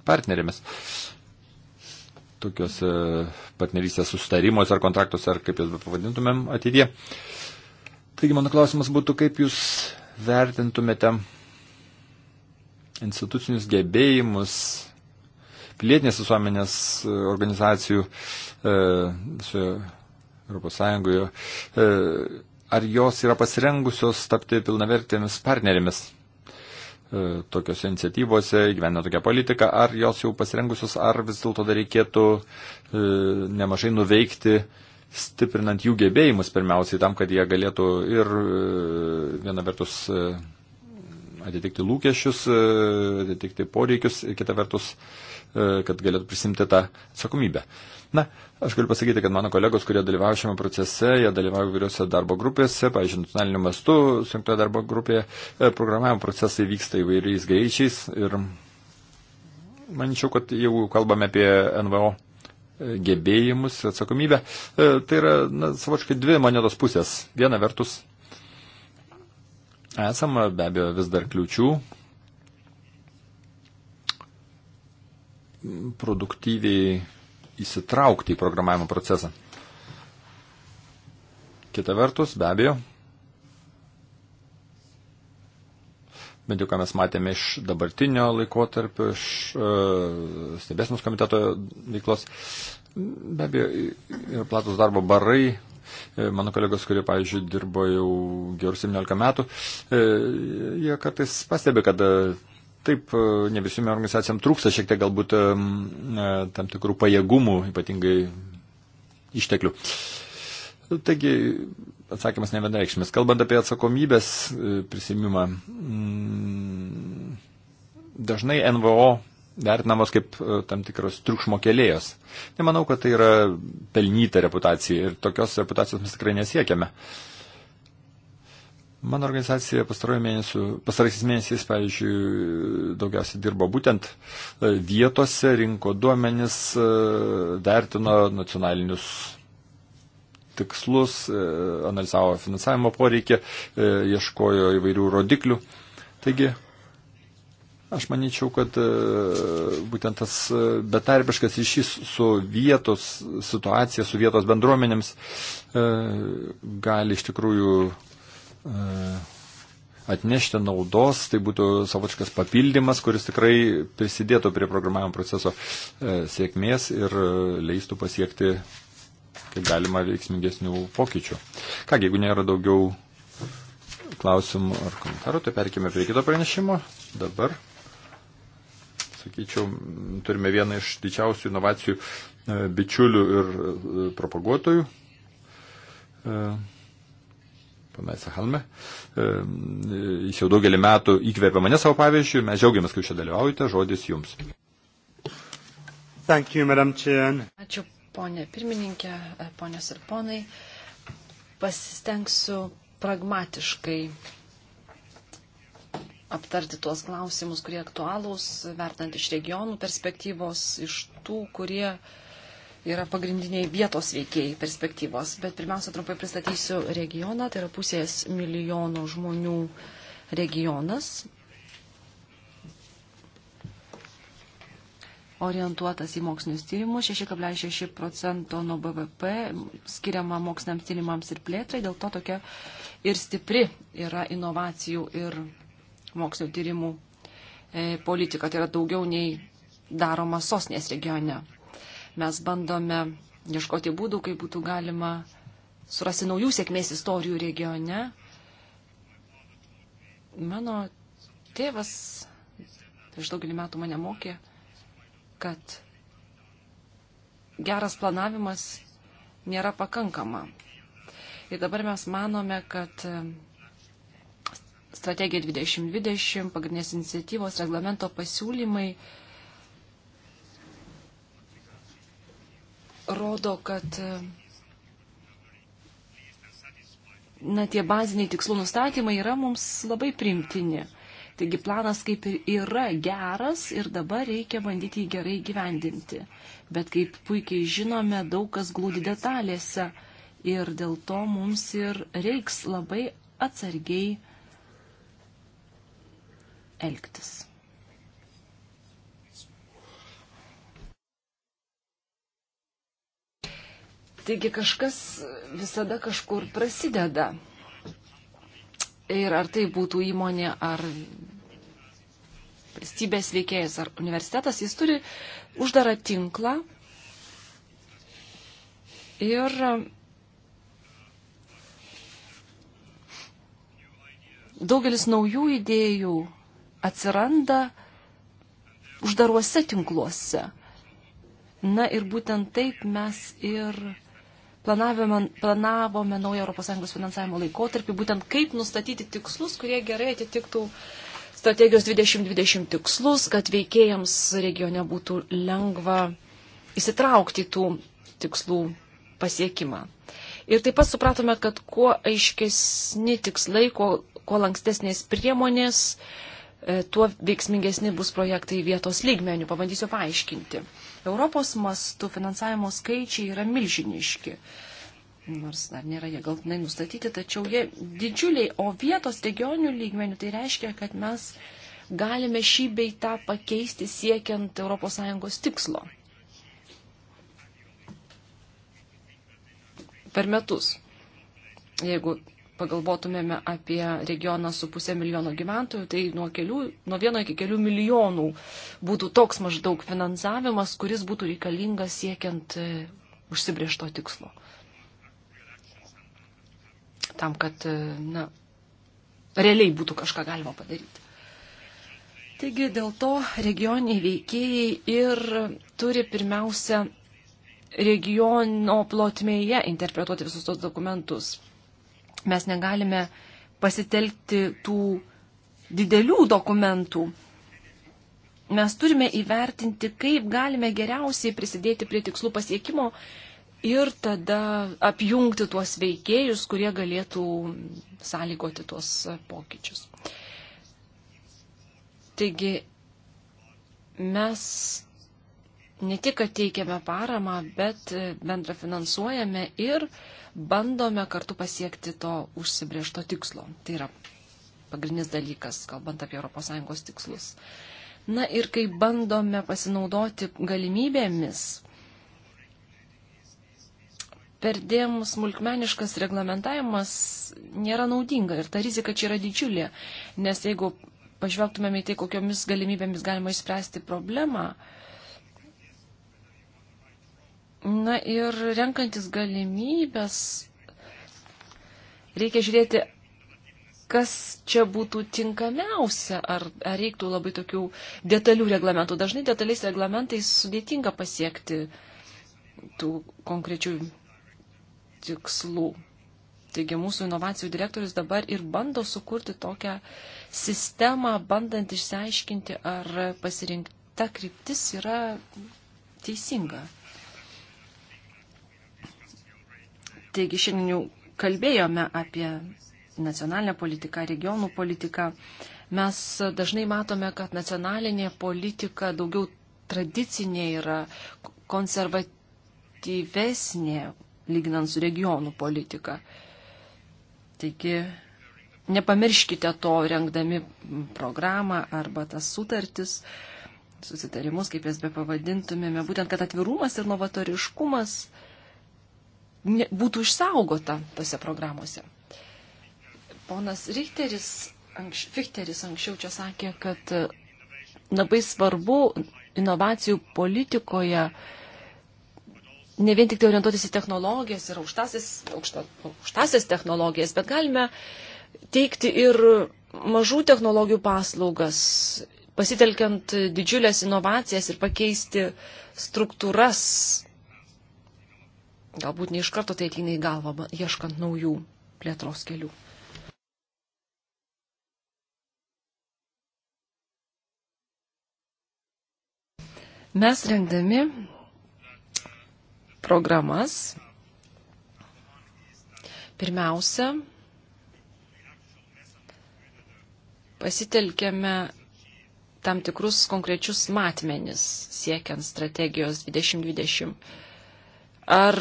S3: partnerėmis. Tokios e, partnerystės susitarimuose ar kontraktuose, ar kaip jūs pavadintumėm ateityje. Taigi mano klausimas būtų, kaip jūs vertintumėte institucinius gebėjimus pilietinės visuomenės e, organizacijų e, visoje Europos Sąjungoje, e, ar jos yra pasirengusios tapti pilnavertėmis partnerėmis tokiuose iniciatyvose, gyvena tokia politika, ar jos jau pasirengusios, ar vis dėlto dar reikėtų nemažai nuveikti, stiprinant jų gebėjimus pirmiausiai tam, kad jie galėtų ir viena vertus atitikti lūkesčius, e, atitikti poreikius ir kita vertus, e, kad galėtų prisimti tą atsakomybę. Na, aš galiu pasakyti, kad mano kolegos, kurie dalyvauja šiame procese, jie dalyvauja įvairiose darbo grupėse, pavyzdžiui, nacionaliniu mastu, sunktoje darbo grupėje, e, programavimo procesai vyksta įvairiais greičiais ir manyčiau, kad jau kalbame apie NVO gebėjimus, atsakomybę. Tai yra na, savočkai dvi monetos pusės. Viena vertus Esama be abejo vis dar kliučių produktyviai įsitraukti į programavimo procesą. Kita vertus, be abejo, bent jau ką mes matėme iš dabartinio laikotarpio, iš uh, e, stebėsimus komiteto veiklos, be abejo, yra platus darbo barai, E, mano kolegos, kurie, pavyzdžiui, dirbo jau gerus 17 metų, e, jie kartais pastebė, kad e, taip, ne visom organizacijom trūksta šiek tiek galbūt tam tikrų pajėgumų, ypatingai išteklių. Taigi, atsakymas nevienreikšmės. Kalbant apie atsakomybės prisimimą, dažnai NVO vertinamos kaip e, tam tikros triukšmo kelėjos. Nemanau, kad tai yra pelnyta reputacija ir tokios reputacijos mes tikrai nesiekiame. Mano organizacija pastaraisiais mėnesiais, pavyzdžiui, daugiausiai dirbo būtent e, vietose, rinko duomenis, e, vertino nacionalinius tikslus, analizavo finansavimo poreikį, ieškojo įvairių rodiklių. Taigi, Aš manyčiau, kad e, būtent tas e, betarpiškas ryšys su vietos situacija, su vietos bendruomenėms e, gali iš tikrųjų atnešti naudos, tai būtų savotiškas papildymas, kuris tikrai prisidėtų prie programavimo proceso sėkmės ir leistų pasiekti kaip galima veiksmingesnių pokyčių. Kągi, jeigu nėra daugiau klausimų ar komentarų, tai perkime prie kito pranešimo. Dabar sakyčiau, turime vieną iš didžiausių inovacijų e, bičiulių ir e, propaguotojų. E, Pana Sahalme, jis jau daugelį metų įkvėpė mane savo pavyzdžių, mes džiaugiamės, kai čia dalyvaujate, žodis jums.
S2: Thank you, Ačiū,
S1: ponė pirmininkė, ponės ir ponai. Pasistengsiu pragmatiškai aptarti tuos klausimus, kurie aktualūs, vertant iš regionų perspektyvos, iš tų, kurie yra pagrindiniai vietos veikėjai perspektyvos. Bet pirmiausia, trumpai pristatysiu regioną, tai yra pusės milijono žmonių regionas, orientuotas į mokslinius tyrimus, 6,6 procento nuo BVP skiriama moksliniams tyrimams ir plėtrai, dėl to tokia ir stipri yra inovacijų ir mokslinio tyrimų e, politika. Tai yra daugiau nei daroma sosnės regione. Mes bandome ieškoti būdų, kaip būtų galima surasti naujų sėkmės istorijų regione. Mano tėvas prieš daugelį metų mane mokė, kad geras planavimas nėra pakankama. Ir dabar mes manome, kad strategija 2020, pagrindinės iniciatyvos, reglamento pasiūlymai rodo, kad na, tie baziniai tikslų nustatymai yra mums labai primtini. Taigi planas kaip ir yra geras ir dabar reikia bandyti jį gerai gyvendinti. Bet kaip puikiai žinome, daug kas glūdi detalėse ir dėl to mums ir reiks labai atsargiai elgtis. Taigi kažkas visada kažkur prasideda. Ir ar tai būtų įmonė, ar valstybės veikėjas, ar universitetas, jis turi uždarą tinklą. Ir daugelis naujų idėjų, atsiranda uždaruose tinkluose. Na ir būtent taip mes ir planavome, planavome naują ES finansavimo laikotarpį, būtent kaip nustatyti tikslus, kurie gerai atitiktų strategijos 2020 tikslus, kad veikėjams regione būtų lengva įsitraukti tų tikslų pasiekimą. Ir taip pat supratome, kad kuo aiškesni tikslai, kuo, kuo lankstesnės priemonės, uh, E, tuo veiksmingesni bus projektai vietos lygmenių. Pabandysiu paaiškinti. Europos mastų finansavimo skaičiai yra milžiniški. Nors dar nėra jie galtinai nustatyti, tačiau jie didžiuliai, o vietos regionių lygmenių tai reiškia, kad mes galime šį beitą pakeisti siekiant ES tikslo. Per metus. Jeigu pagalvotumėme apie regioną su pusė milijono gyventojų, tai nuo, kelių, nuo vieno iki kelių milijonų būtų toks maždaug finansavimas, kuris būtų reikalingas siekiant e, užsibriešto tikslo. Tam, kad e, na, realiai būtų kažką galima padaryti. Taigi dėl to regioniai veikėjai ir turi pirmiausia regiono plotmėje interpretuoti visus tos dokumentus mes negalime pasitelkti tų didelių dokumentų. Mes turime įvertinti, kaip galime geriausiai prisidėti prie tikslų pasiekimo ir tada apjungti tuos veikėjus, kurie galėtų sąlygoti tuos pokyčius. Taigi mes ne tik, kad teikiame paramą, bet e, bendra finansuojame ir bandome kartu pasiekti to užsibriešto tikslo. Tai yra pagrindinis dalykas, kalbant apie ES tikslus. Na ir kai bandome pasinaudoti galimybėmis, perdėm smulkmeniškas reglamentavimas nėra naudinga ir ta rizika čia yra didžiulė, nes jeigu pažvelgtumėme į tai, kokiomis galimybėmis galima išspręsti problemą, uh, Na ir renkantis galimybės, reikia žiūrėti, kas čia būtų tinkamiausia, ar, ar reiktų labai tokių detalių reglamentų. Dažnai detaliais reglamentais sudėtinga pasiekti tų konkrečių tikslų. Taigi mūsų inovacijų direktorius dabar ir bando sukurti tokią sistemą, bandant išsiaiškinti, ar pasirinkta kryptis yra teisinga. Taigi šiandien jau kalbėjome apie nacionalinę politiką, regionų politiką. Mes dažnai matome, kad nacionalinė politika daugiau tradicinė yra konservatyvesnė, lyginant su regionų politika. Taigi nepamirškite to, rengdami programą arba tas sutartis, susitarimus, kaip jas be pavadintumėme, būtent, kad atvirumas ir novatoriškumas būtų išsaugota tose programuose. Ponas Richteris, anks, Fichteris anksčiau čia sakė, kad e, labai svarbu inovacijų politikoje ne vien tik tai orientuotis į technologijas ir aukštasis, aukšta, aukštasis technologijas, bet galime teikti ir mažų technologijų paslaugas, pasitelkiant didžiulės inovacijas ir pakeisti struktūras Galbūt ne iš karto tai ateina į galvą, ieškant naujų plėtros kelių. Mes rengdami programas, pirmiausia, pasitelkėme tam tikrus konkrečius matmenis siekiant strategijos 2020 Ar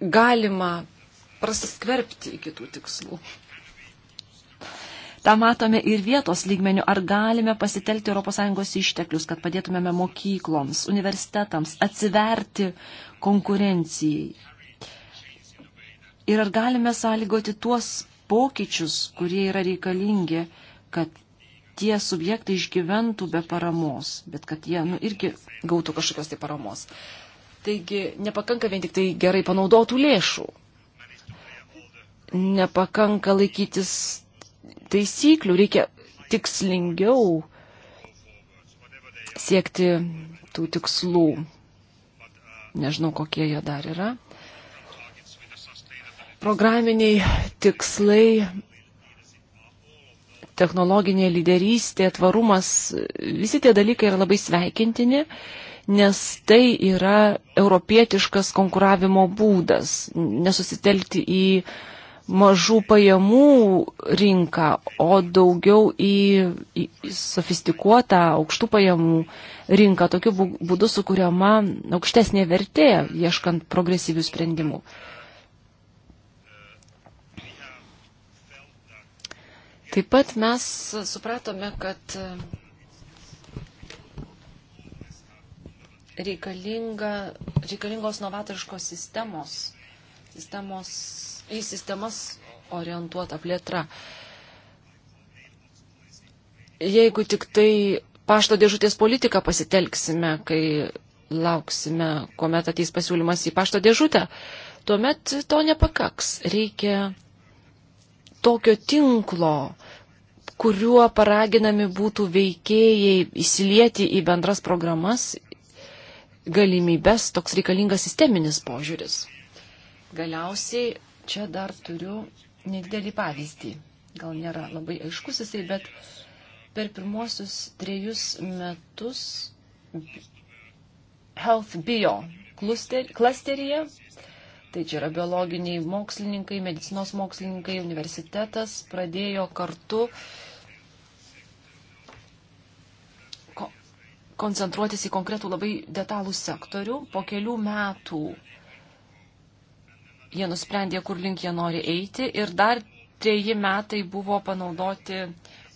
S1: galima prasiskverbti iki tų tikslų? Ta matome ir vietos lygmenių, ar galime pasitelkti ES išteklius, kad padėtumėme mokykloms, universitetams atsiverti konkurencijai. Ir ar galime sąlygoti tuos pokyčius, kurie yra reikalingi, kad tie subjektai išgyventų be paramos, bet kad jie nu, irgi gautų kažkokios tai paramos. Taigi nepakanka vien tik tai gerai panaudotų lėšų. Nepakanka laikytis taisyklių, reikia tikslingiau siekti tų tikslų. Nežinau, kokie jie dar yra programiniai tikslai technologinė lyderystė, tvarumas, visi tie dalykai yra labai sveikintini, nes tai yra europietiškas konkuravimo būdas, nesusitelkti į mažų pajamų rinką, o daugiau į, į, į sofistikuotą aukštų pajamų rinką. Tokiu būdu sukūriama aukštesnė vertė, ieškant progresyvių sprendimų. Uh, Taip pat mes supratome, kad reikalinga, reikalingos novatoriškos sistemos, sistemos, į sistemas orientuota plėtra. Jeigu tik tai pašto dėžutės politiką pasitelksime, kai lauksime, kuomet ateis pasiūlymas į pašto dėžutę, tuomet to nepakaks. Reikia tokio tinklo, kuriuo paraginami būtų veikėjai įsilieti į bendras programas galimybės, toks reikalingas sisteminis požiūris. Galiausiai čia dar turiu nedidelį pavyzdį. Gal nėra labai aiškus jisai, bet per pirmosius trejus metus Health Bio klusteryje Tai čia yra biologiniai mokslininkai, medicinos mokslininkai, universitetas pradėjo kartu ko koncentruotis į konkretų labai detalų sektorių. Po kelių metų jie nusprendė, kur link jie nori eiti ir dar treji metai buvo panaudoti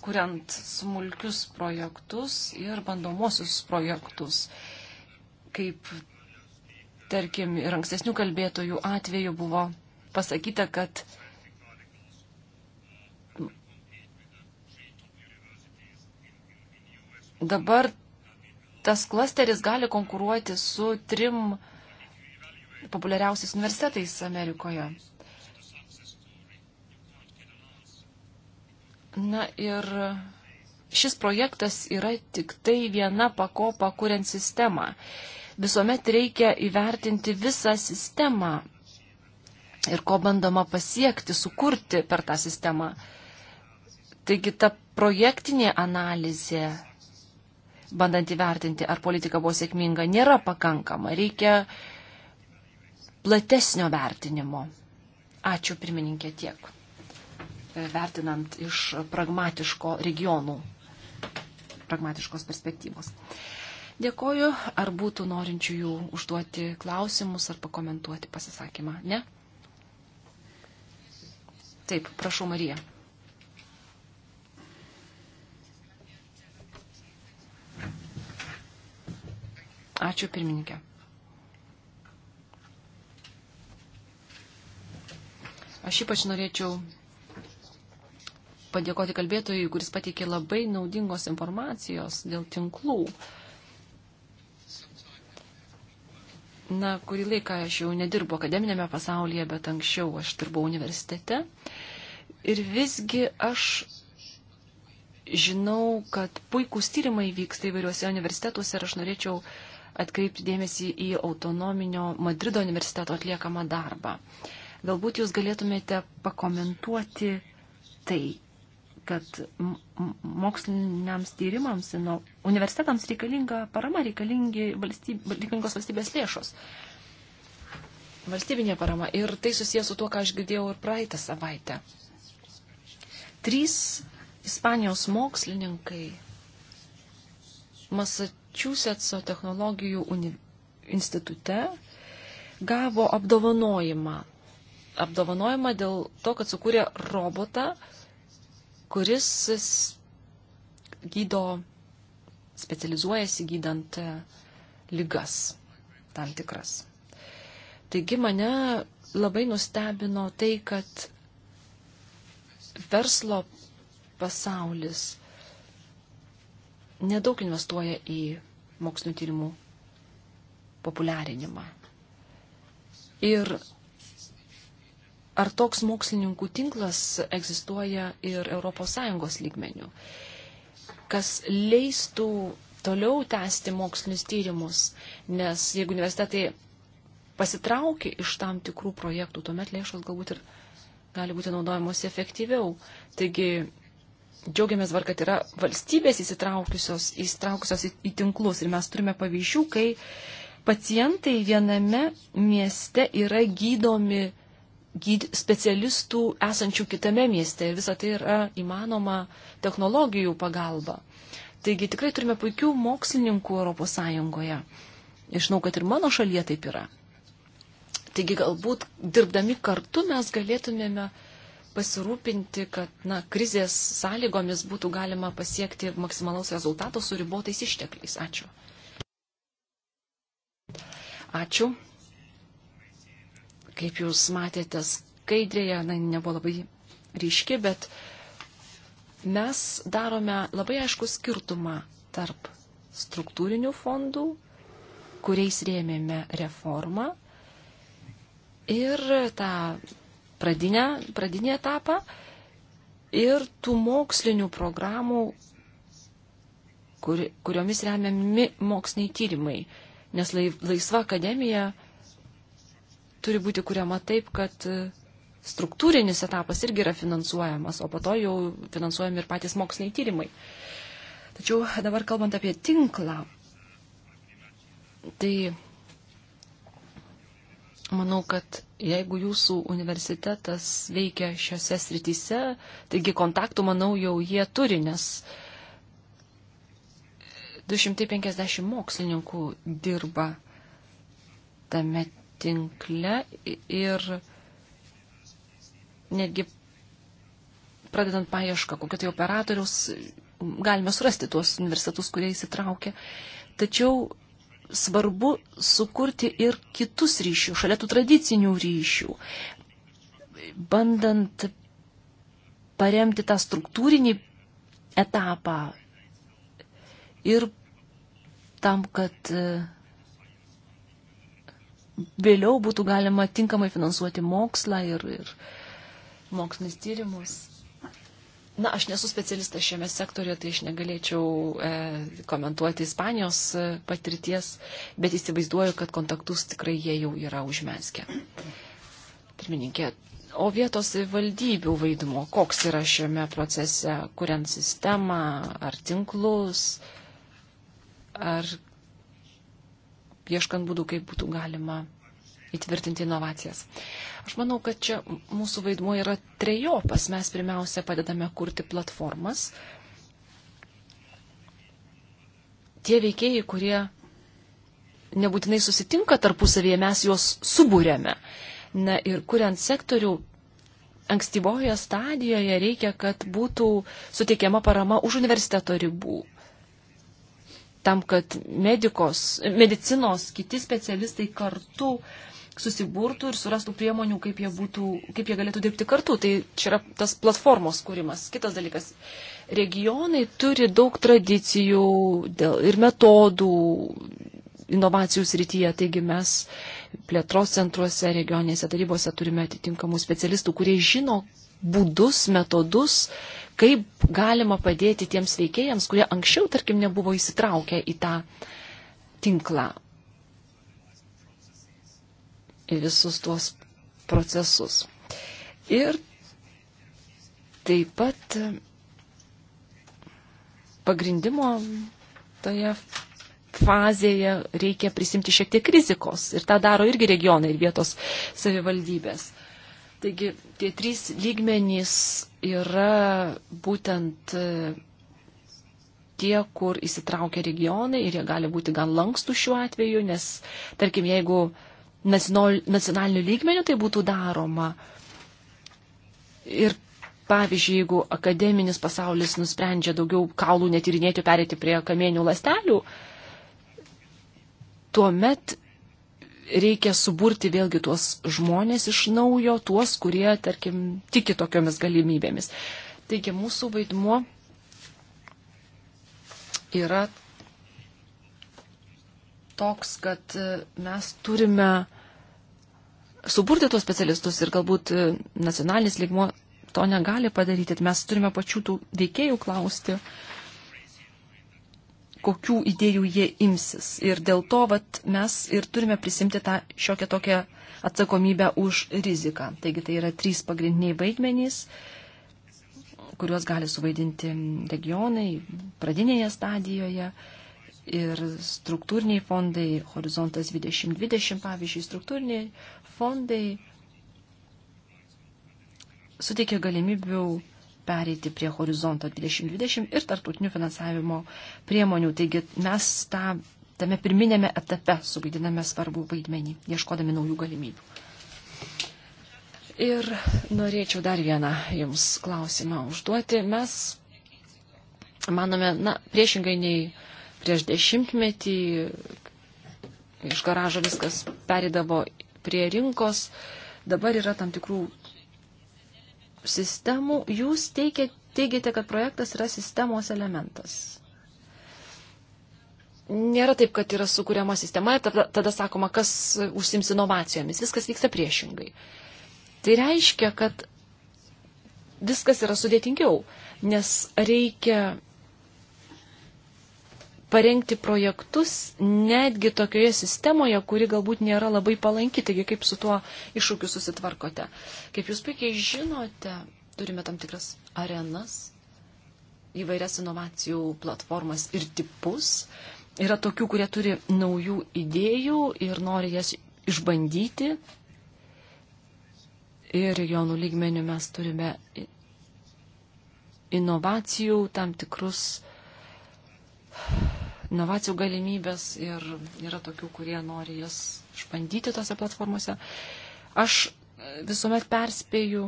S1: kuriant smulkius projektus ir bandomosius projektus, kaip tarkim, ir ankstesnių kalbėtojų atveju buvo pasakyta, kad dabar tas klasteris gali konkuruoti su trim populiariausiais universitetais Amerikoje. Na ir šis projektas yra tik tai viena pakopa, kuriant sistemą visuomet reikia įvertinti visą sistemą ir ko bandoma pasiekti, sukurti per tą sistemą. Taigi ta projektinė analizė, bandant įvertinti, ar politika buvo sėkminga, nėra pakankama. Reikia platesnio vertinimo. Ačiū pirmininkė tiek. Vertinant iš pragmatiško regionų, pragmatiškos perspektyvos. Dėkoju. Ar būtų norinčių jų užduoti klausimus ar pakomentuoti pasisakymą? Ne? Taip, prašau, Marija. Ačiū pirmininkė. Aš ypač norėčiau padėkoti kalbėtojui, kuris pateikė labai naudingos informacijos dėl tinklų. Uh, Na, kurį laiką aš jau nedirbu akademinėme pasaulyje, bet anksčiau aš dirbau universitete. Ir visgi aš žinau, kad puikūs tyrimai vyksta įvairiuose universitetuose ir aš norėčiau atkreipti dėmesį į autonominio Madrido universiteto atliekamą darbą. Galbūt jūs galėtumėte pakomentuoti tai, kad moksliniams tyrimams, ino, universitetams reikalinga parama, valstyb, reikalingos valstybės lėšos. Valstybinė parama. Ir tai susijęs su tuo, ką aš girdėjau ir praeitą savaitę. Trys Ispanijos mokslininkai Massachusetts'o technologijų uni, institute gavo apdovanojimą. Apdovanojimą dėl to, kad sukūrė robotą, kuris gydo, specializuojasi gydant e, lygas tam tikras. Taigi mane labai nustebino tai, kad verslo pasaulis nedaug investuoja į mokslinio tyrimų populiarinimą. Ir ar toks mokslininkų tinklas egzistuoja ir ES lygmenių, kas leistų toliau tęsti mokslinius tyrimus, nes jeigu universitetai pasitraukia iš tam tikrų projektų, tuomet lėšos galbūt ir gali būti naudojamos efektyviau. Taigi džiaugiamės var, kad yra valstybės įsitraukusios, įsitraukusios į, į tinklus ir mes turime pavyzdžių, kai pacientai viename mieste yra gydomi specialistų esančių kitame mieste ir visa tai yra įmanoma technologijų pagalba. Taigi tikrai turime puikių mokslininkų ES. Žinau, kad ir mano šalyje taip yra. Taigi galbūt dirbdami kartu mes galėtumėme pasirūpinti, kad na, krizės sąlygomis būtų galima pasiekti maksimalaus rezultato su ribotais ištekliais. Ačiū. Ačiū. Kaip jūs matėte skaidrėje, na, nebuvo labai ryški, bet mes darome labai aišku skirtumą tarp struktūrinių fondų, kuriais rėmėme reformą ir tą pradinę, pradinį etapą ir tų mokslinių programų, kur, kuriomis remiami moksliniai tyrimai. Nes laisva akademija turi būti kuriama taip, kad e, struktūrinis etapas irgi yra finansuojamas, o po to jau finansuojami ir patys moksliniai tyrimai. Tačiau dabar kalbant apie tinklą, tai manau, kad jeigu jūsų universitetas veikia šiose srityse, taigi kontaktų, manau, jau jie turi, nes 250 mokslininkų dirba tame tinkle ir netgi pradedant paiešką, kokio tai operatoriaus, galime surasti tuos universitetus, kurie įsitraukia. Tačiau svarbu sukurti ir kitus ryšius, šalia tų tradicinių ryšių, bandant paremti tą struktūrinį etapą ir tam, kad vėliau būtų galima tinkamai finansuoti mokslą ir, ir mokslinis tyrimus. Na, aš nesu specialistas šiame sektorėje, tai aš negalėčiau e, komentuoti Ispanijos e, patirties, bet įsivaizduoju, kad kontaktus tikrai jie jau yra užmeskę. Pirmininkė, o vietos valdybių vaidmo, koks yra šiame procese, kuriant sistemą ar tinklus, ar ieškant būdų, kaip būtų galima įtvirtinti inovacijas. Aš manau, kad čia mūsų vaidmuo yra trejopas. Mes pirmiausia padedame kurti platformas. Tie veikėjai, kurie nebūtinai susitinka tarpusavėje, mes juos subūrėme. Na ir kuriant sektorių, ankstyvoje stadijoje reikia, kad būtų suteikiama parama už universiteto ribų, tam, kad medikos, medicinos kiti specialistai kartu susiburtų ir surastų priemonių, kaip jie, būtų, kaip jie galėtų dirbti kartu. Tai čia yra tas platformos kūrimas. Kitas dalykas. Regionai turi daug tradicijų dėl, ir metodų inovacijų srityje, taigi mes plėtros centruose, regioninėse tarybose turime atitinkamų specialistų, kurie žino būdus, metodus, kaip galima padėti tiems veikėjams, kurie anksčiau, tarkim, nebuvo įsitraukę į tą tinklą, į visus tuos procesus. Ir taip pat pagrindimo toje fazėje reikia prisimti šiek tiek rizikos. Ir tą daro irgi regionai ir vietos savivaldybės. Taigi tie trys lygmenys yra būtent e, tie, kur įsitraukia regionai ir jie gali būti gan lankstų šiuo atveju, nes tarkim, jeigu nacionaliniu lygmeniu tai būtų daroma. Ir pavyzdžiui, jeigu akademinis pasaulis nusprendžia daugiau kaulų netyrinėti, perėti prie kamienių lastelių, tuomet reikia suburti vėlgi tuos žmonės iš naujo, tuos, kurie, tarkim, tiki tokiomis galimybėmis. Taigi mūsų vaidmuo yra toks, kad e, mes turime suburti tuos specialistus ir galbūt e, nacionalinis lygmo to negali padaryti. Mes turime pačių tų veikėjų klausti, uh, kokių idėjų jie imsis. Ir dėl to vat, mes ir turime prisimti tą šiokią tokią atsakomybę už riziką. Taigi tai yra trys pagrindiniai vaidmenys, kuriuos gali suvaidinti regionai pradinėje stadijoje. Ir struktūriniai fondai, horizontas 2020, pavyzdžiui, struktūriniai fondai suteikia galimybių pereiti prie horizonto 2020 ir tartutinių finansavimo priemonių. Taigi mes tą, tame pirminėme etape suvaidiname svarbų vaidmenį, ieškodami naujų galimybių. Ir norėčiau dar vieną Jums klausimą užduoti. Mes manome, na, priešingai nei prieš dešimtmetį iš garažo viskas perėdavo prie rinkos, dabar yra tam tikrų sistemų, jūs teikia, teigiate, kad projektas yra sistemos elementas. Nėra taip, kad yra sukūriama sistema ir tada, tada sakoma, kas užsims inovacijomis. Viskas vyksta priešingai. Tai reiškia, kad viskas yra sudėtingiau, nes reikia parengti projektus netgi tokioje sistemoje, kuri galbūt nėra labai palanki, taigi kaip su tuo iššūkiu susitvarkote. Kaip jūs puikiai žinote, turime tam tikras arenas, įvairias inovacijų platformas ir tipus. Yra tokių, kurie turi naujų idėjų ir nori jas išbandyti. Ir regionų lygmenių mes turime inovacijų tam tikrus inovacijų galimybės ir yra tokių, kurie nori jas išbandyti tose platformose. Aš visuomet perspėju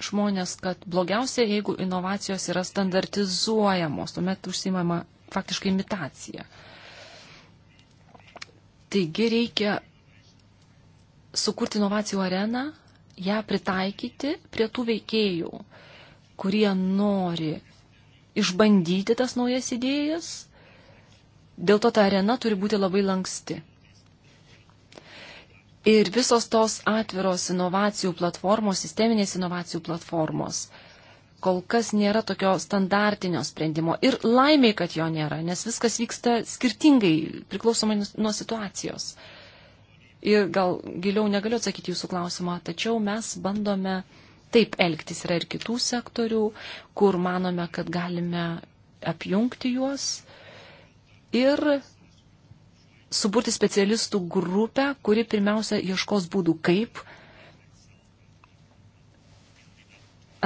S1: žmonės, kad blogiausia, jeigu inovacijos yra standartizuojamos, tuomet užsimama faktiškai imitacija. Taigi reikia sukurti inovacijų areną, ją pritaikyti prie tų veikėjų, kurie nori išbandyti tas naujas idėjas Dėl to ta arena turi būti labai lanksti. Ir visos tos atviros inovacijų platformos, sisteminės inovacijų platformos, kol kas nėra tokio standartinio sprendimo. Ir laimiai, kad jo nėra, nes viskas vyksta skirtingai, priklausomai nuo situacijos. Ir gal giliau negaliu atsakyti jūsų klausimą, tačiau mes bandome taip elgtis. Yra ir kitų sektorių, kur manome, kad galime apjungti juos ir suburti specialistų grupę, kuri pirmiausia ieškos būdų, kaip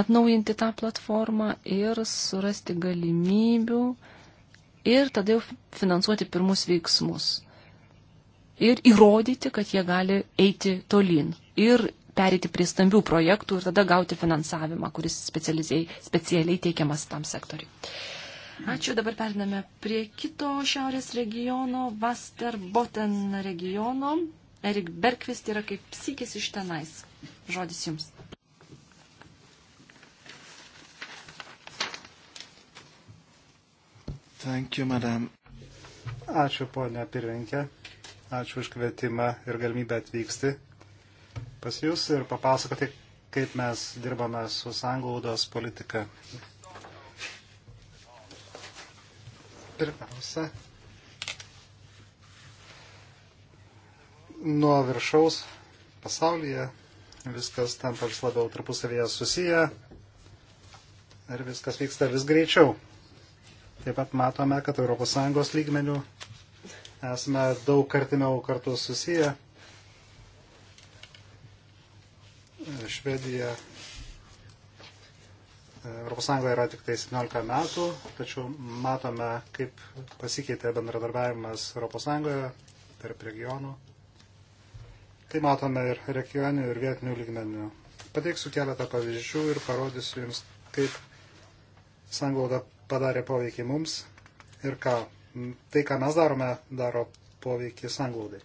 S1: atnaujinti tą platformą ir surasti galimybių ir tada jau finansuoti pirmus veiksmus. Ir įrodyti, kad jie gali eiti tolyn ir perėti prie stambių projektų ir tada gauti finansavimą, kuris specialiai teikiamas tam sektoriui. Ačiū, dabar periname prie kito šiaurės regiono, Vasterboten regiono. Erik Berkvist yra kaip psikis iš tenais. Žodis jums.
S2: Thank you, madam. Ačiū, ponia pirmininkė. Ačiū už kvietimą ir galimybę atvykti pas jūs ir papasakoti, kaip mes dirbame su sanglaudos politika Pirmiausia, nuo viršaus pasaulyje viskas tampa vis labiau tarpusavėje susiję ir viskas vyksta vis greičiau. Taip pat matome, kad ES lygmenių esame daug artimiau kartu susiję. Švedija ES yra tik tai 17 metų, tačiau matome, kaip pasikeitė bendradarbiavimas ES tarp regionų. Tai matome ir regioninių, ir vietinių lygmenių. Pateiksiu keletą pavyzdžių ir parodysiu Jums, kaip sanglauda padarė poveikį mums ir ką. Tai, ką mes darome, daro poveikį sanglaudai.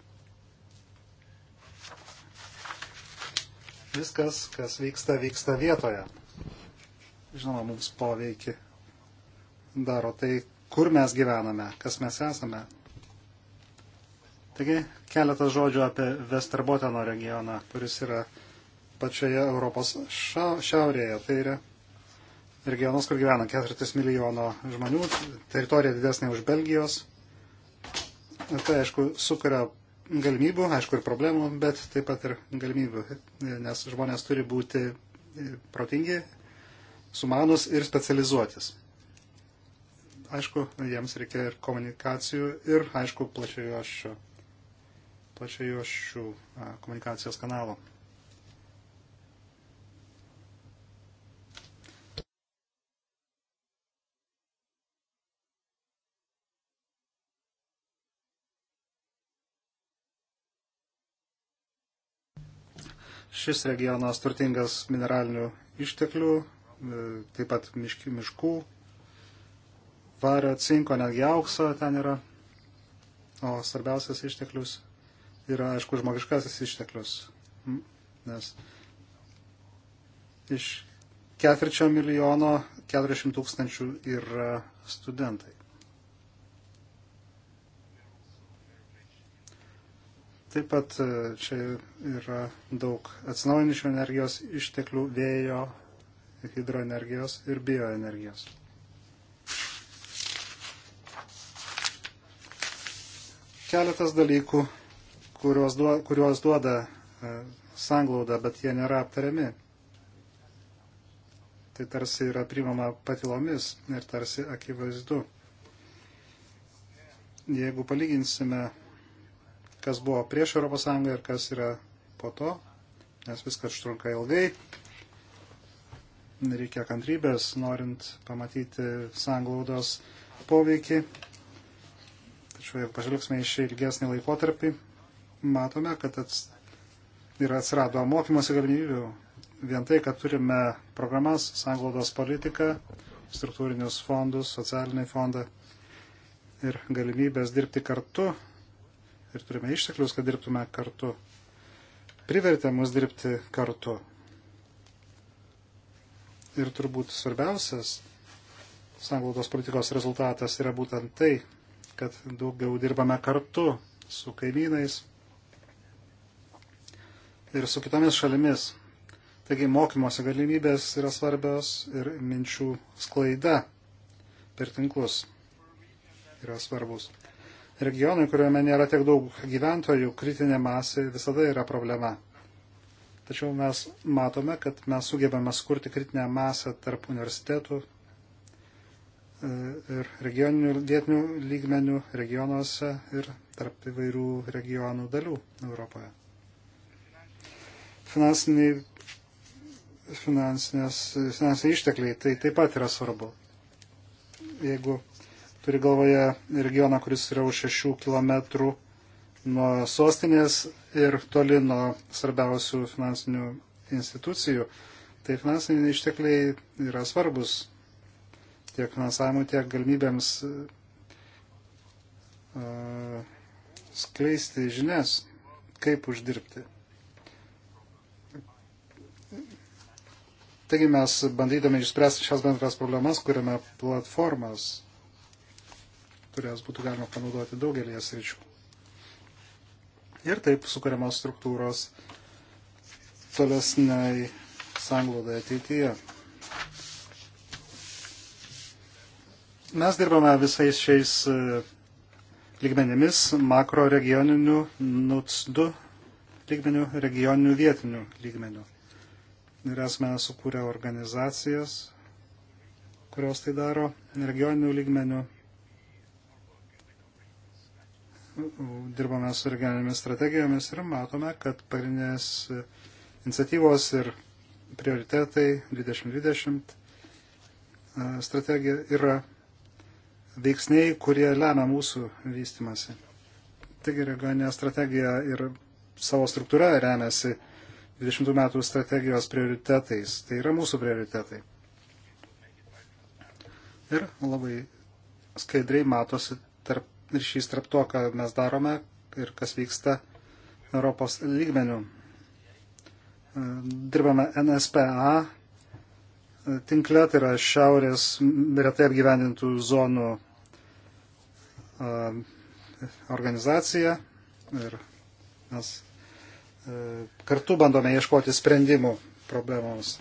S2: Viskas, kas vyksta, vyksta vietoje žinoma, mums poveikį daro tai, kur mes gyvename, kas mes esame. Taigi, keletas žodžių apie Vesterboteno regioną, kuris yra pačioje Europos šiaurėje. Tai yra regionas, kur gyvena ketvirtis milijono žmonių, teritorija didesnė už Belgijos. Tai, aišku, sukuria galimybių, aišku, ir problemų, bet taip pat ir galimybių, nes žmonės turi būti protingi sumanus ir specializuotis. Aišku, jiems reikia ir komunikacijų, ir, aišku, plačiojošių plačiojo komunikacijos kanalo. Šis regionas turtingas mineralinių išteklių E, taip pat miškių, miškų, vario, cinko, netgi aukso ten yra. O svarbiausias išteklius yra, aišku, žmogiškasis išteklius, nes iš ketvirčio milijono 40 tūkstančių yra studentai. Taip pat e, čia yra daug atsinaujinčių energijos išteklių vėjo hidroenergijos ir bioenergijos. Keletas dalykų, kuriuos, duo, kuriuos duoda e, sanglauda, bet jie nėra aptariami. Tai tarsi yra primama patilomis ir tarsi akivaizdu. Jeigu palyginsime, kas buvo prieš ES ir kas yra po to, nes viskas trunka ilgai, reikia kantrybės, norint pamatyti sanglaudos poveikį. Tačiau jeigu pažvelgsime į šį ilgesnį laikotarpį, matome, kad ats... ir atsirado mokymosi galimybių. Vien tai, kad turime programas, sanglaudos politiką, struktūrinius fondus, socialinį fondą ir galimybės dirbti kartu ir turime išteklius, kad dirbtume kartu, privertė mus dirbti kartu ir turbūt svarbiausias sanglaudos politikos rezultatas yra būtent tai, kad daugiau dirbame kartu su kaimynais ir su kitomis šalimis. Taigi mokymosi galimybės yra svarbios ir minčių sklaida per tinklus yra svarbus. Regionai, kuriuo nėra tiek daug gyventojų, kritinė masė visada yra problema. Tačiau mes matome, kad mes sugebame skurti kritinę masę tarp universitetų e, ir regioninių vietinių lygmenių regionuose ir tarp įvairių regionų dalių Europoje. Finansiniai, finansiniai ištekliai tai taip pat yra svarbu. Jeigu turi galvoje regioną, kuris yra už 6 km nuo sostinės ir toli nuo svarbiausių finansinių institucijų, tai finansiniai ištekliai yra svarbus tiek finansavimui, tiek galimybėms uh, skleisti žinias, kaip uždirbti. Taigi mes bandydami išspręsti šias bendras problemas, kuriame platformas, kurias būtų galima panaudoti daugelį sričių ir taip sukūriamos struktūros tolesniai sanglaudai ateityje. Mes dirbame visais šiais e, lygmenimis makro regioninių, NUTS 2 lygmenių, regioninių vietinių lygmenių. Ir esame sukūrę organizacijas, kurios tai daro regioninių lygmenių dirbame su regioninėmis strategijomis ir matome, kad pagrindinės iniciatyvos ir prioritetai 2020 e, strategija yra veiksniai, kurie lemia mūsų vystimasi. Taigi regioninė strategija ir savo struktūra remiasi 20 metų strategijos prioritetais. Tai yra mūsų prioritetai. Ir labai skaidriai matosi tarp ryšys tarp to, ką mes darome ir kas vyksta Europos lygmenių. Dirbame NSPA tinkle, tai yra šiaurės retai apgyvendintų zonų organizacija ir mes kartu bandome ieškoti sprendimų problemams.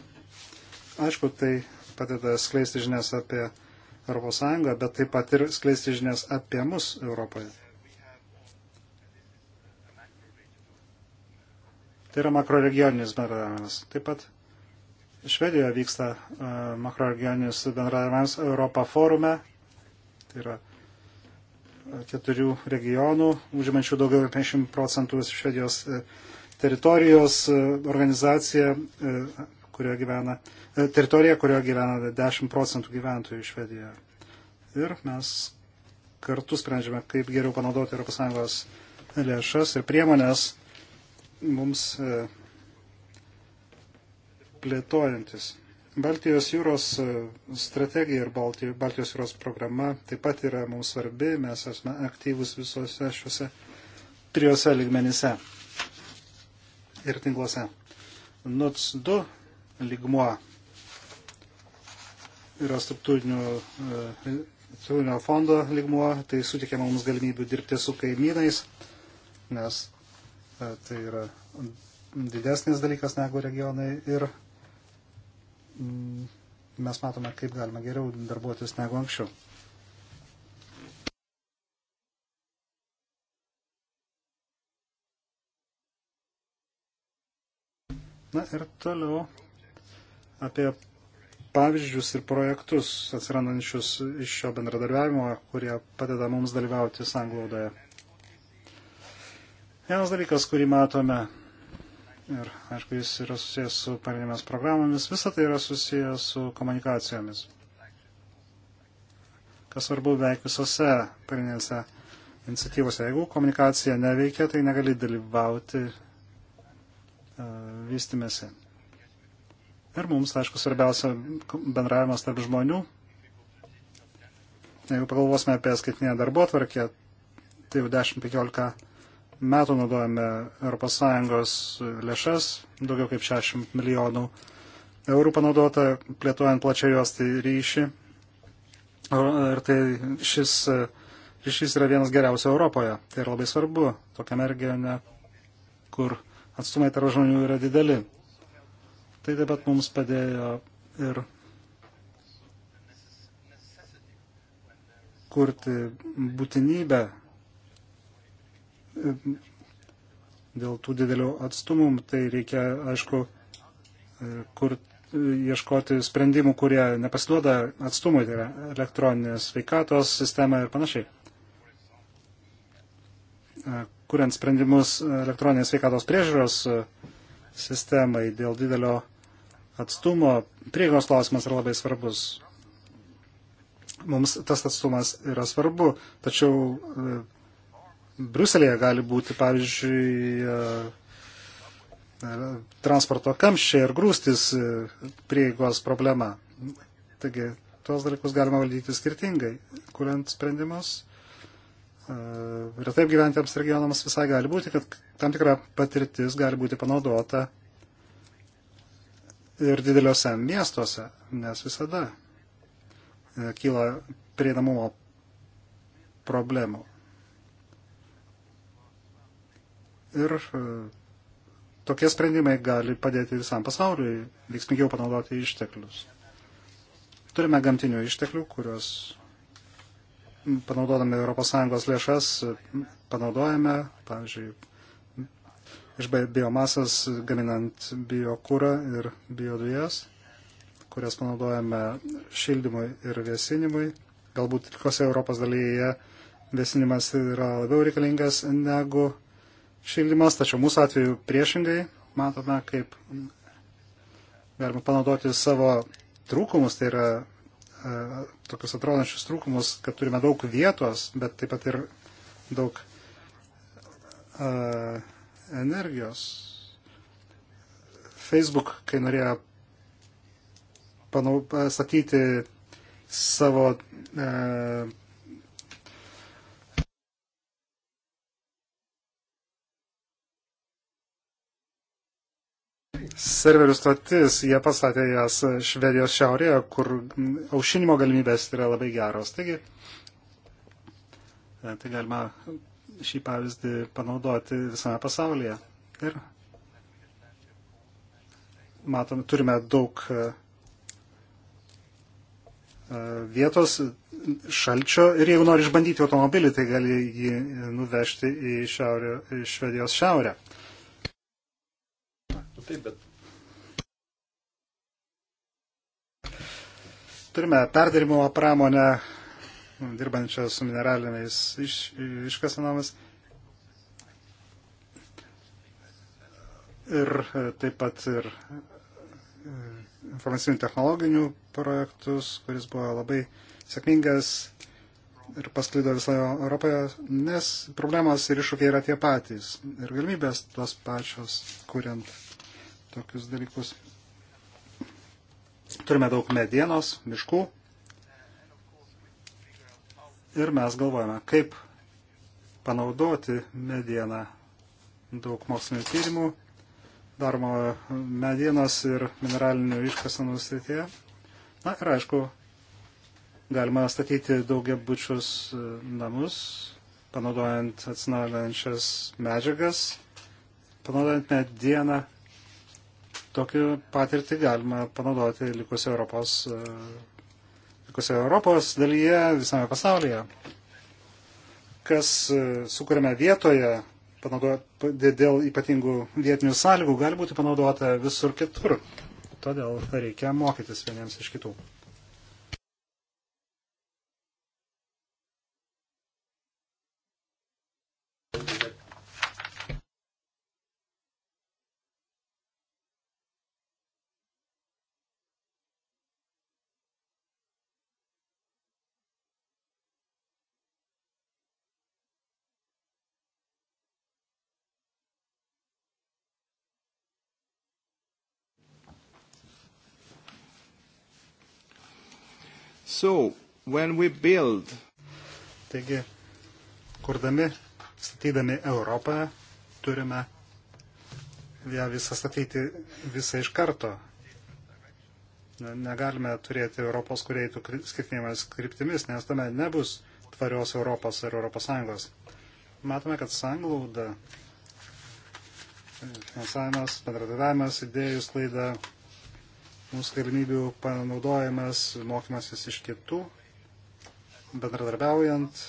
S2: Aišku, tai padeda skleisti žinias apie ES, bet taip pat ir skleisti žinias apie mus Europoje. Tai yra makroregioninis bendradarbiavimas. Taip pat Švedijoje vyksta e, makroregioninis bendradarbiavimas Europa forume. Tai yra e, keturių regionų, užimančių daugiau kaip 50 procentų Švedijos e, teritorijos organizacija kurioje gyvena, e, teritorija, kurioje gyvena 10 procentų gyventojų Švedijoje. Ir mes kartu sprendžiame, kaip geriau panaudoti ES lėšas ir priemonės mums e, plėtojantis. Baltijos jūros e, strategija ir Baltijos jūros programa taip pat yra mums svarbi, mes esame aktyvus visose šiuose trijose ligmenyse ir tinkluose. NUTS 2 ligmuo yra struktūrinio e, fondo ligmuo, tai sutikia mums galimybių dirbti su kaimynais, nes e, tai yra didesnis dalykas negu regionai ir mm, mes matome, kaip galima geriau darbuotis negu anksčiau. Na ir toliau apie pavyzdžius ir projektus atsirandančius iš šio bendradarbiavimo, kurie padeda mums dalyvauti sanglaudoje. Vienas dalykas, kurį matome, ir aišku, jis yra susijęs su pagrindinėmis programomis, visa tai yra susijęs su komunikacijomis. Kas svarbu beveik visose pagrindinėse iniciatyvose. Jeigu komunikacija neveikia, tai negali dalyvauti uh, vystimėsi. Ir mums, aišku, svarbiausia bendravimas tarp žmonių. Jeigu pagalvosime apie skaitinę darbo tvarkę, tai jau 10-15 metų naudojame ES lėšas, daugiau kaip 60 milijonų eurų panaudota plėtojant plačiai jos tai ryšį. Ir tai šis ryšys yra vienas geriausių Europoje. Tai yra labai svarbu tokiame regione, kur atstumai tarp žmonių yra dideli. Tai taip pat mums padėjo ir kurti būtinybę dėl tų didelių atstumų. Tai reikia, aišku, kur, ieškoti sprendimų, kurie nepasiduoda atstumui, tai yra elektroninės sveikatos sistema ir panašiai kuriant sprendimus elektroninės sveikatos priežiūros sistemai dėl didelio atstumo prieigos klausimas yra labai svarbus. Mums tas atstumas yra svarbu, tačiau e, Bruselėje gali būti, pavyzdžiui, e, e, transporto kamščiai ir grūstis prieigos problema. Taigi, tuos dalykus galima valdyti skirtingai, kuriant sprendimus E, retai apgyventiems regionams visai gali būti, kad tam tikra patirtis gali būti panaudota ir dideliuose miestuose, nes visada e, kyla prieinamumo problemų. Ir e, tokie sprendimai gali padėti visam pasauliui veiksmingiau panaudoti išteklius. Turime gamtinių išteklių, kurios panaudodami ES lėšas, panaudojame, pavyzdžiui, iš biomasas gaminant biokūrą ir biodujas, kurias panaudojame šildymui ir vėsinimui. Galbūt kose Europos dalyje vėsinimas yra labiau reikalingas negu šildymas, tačiau mūsų atveju priešingai matome, kaip galima panaudoti savo trūkumus, tai yra E, tokius atrodančius trūkumus, kad turime daug vietos, bet taip pat ir daug uh, energijos. Facebook, kai norėjo panau, e, statyti savo uh, serverių stotis, jie pastatė jas Švedijos šiaurėje, kur aušinimo galimybės yra labai geros. Taigi, e, tai galima šį pavyzdį panaudoti visame pasaulyje. Ir matom, turime daug e, e, vietos šalčio ir jeigu nori išbandyti automobilį, tai gali jį nuvežti į, šiaurę, į Švedijos šiaurę
S3: taip, bet.
S2: Turime perdarimo pramonę, dirbančią su mineraliniais iš, iškasenomis. Ir e, taip pat ir e, informacinių technologinių projektus, kuris buvo labai sėkmingas ir pasklido visoje Europoje, nes problemos ir iššūkiai yra tie patys ir galimybės tos pačios, kuriant tokius dalykus. Turime daug medienos, miškų. Ir mes galvojame, kaip panaudoti medieną. Daug mokslinio tyrimų daroma medienos ir mineralinių iškasenų srityje. Na ir aišku, galima statyti daugia bučius e, namus, panaudojant atsinaujinančias medžiagas, panaudojant medieną Tokią patirtį galima panaudoti likusioje Europos, e, likusioje Europos dalyje visame pasaulyje. Kas e, sukūrėme vietoje dėl ypatingų vietinių sąlygų gali būti panaudota visur kitur. Todėl reikia mokytis vieniems iš kitų. So, when we build. Taigi, kurdami, statydami Europą, turime ją visą statyti visą iš karto. Negalime turėti Europos, kurie eitų skirtinėmis kryptimis, nes tame nebus tvarios Europos ar Europos Sąjungos. Matome, kad sanglauda, finansavimas, bendradavimas, idėjų sklaida, mūsų galimybių panaudojimas, mokymasis iš kitų, bendradarbiaujant,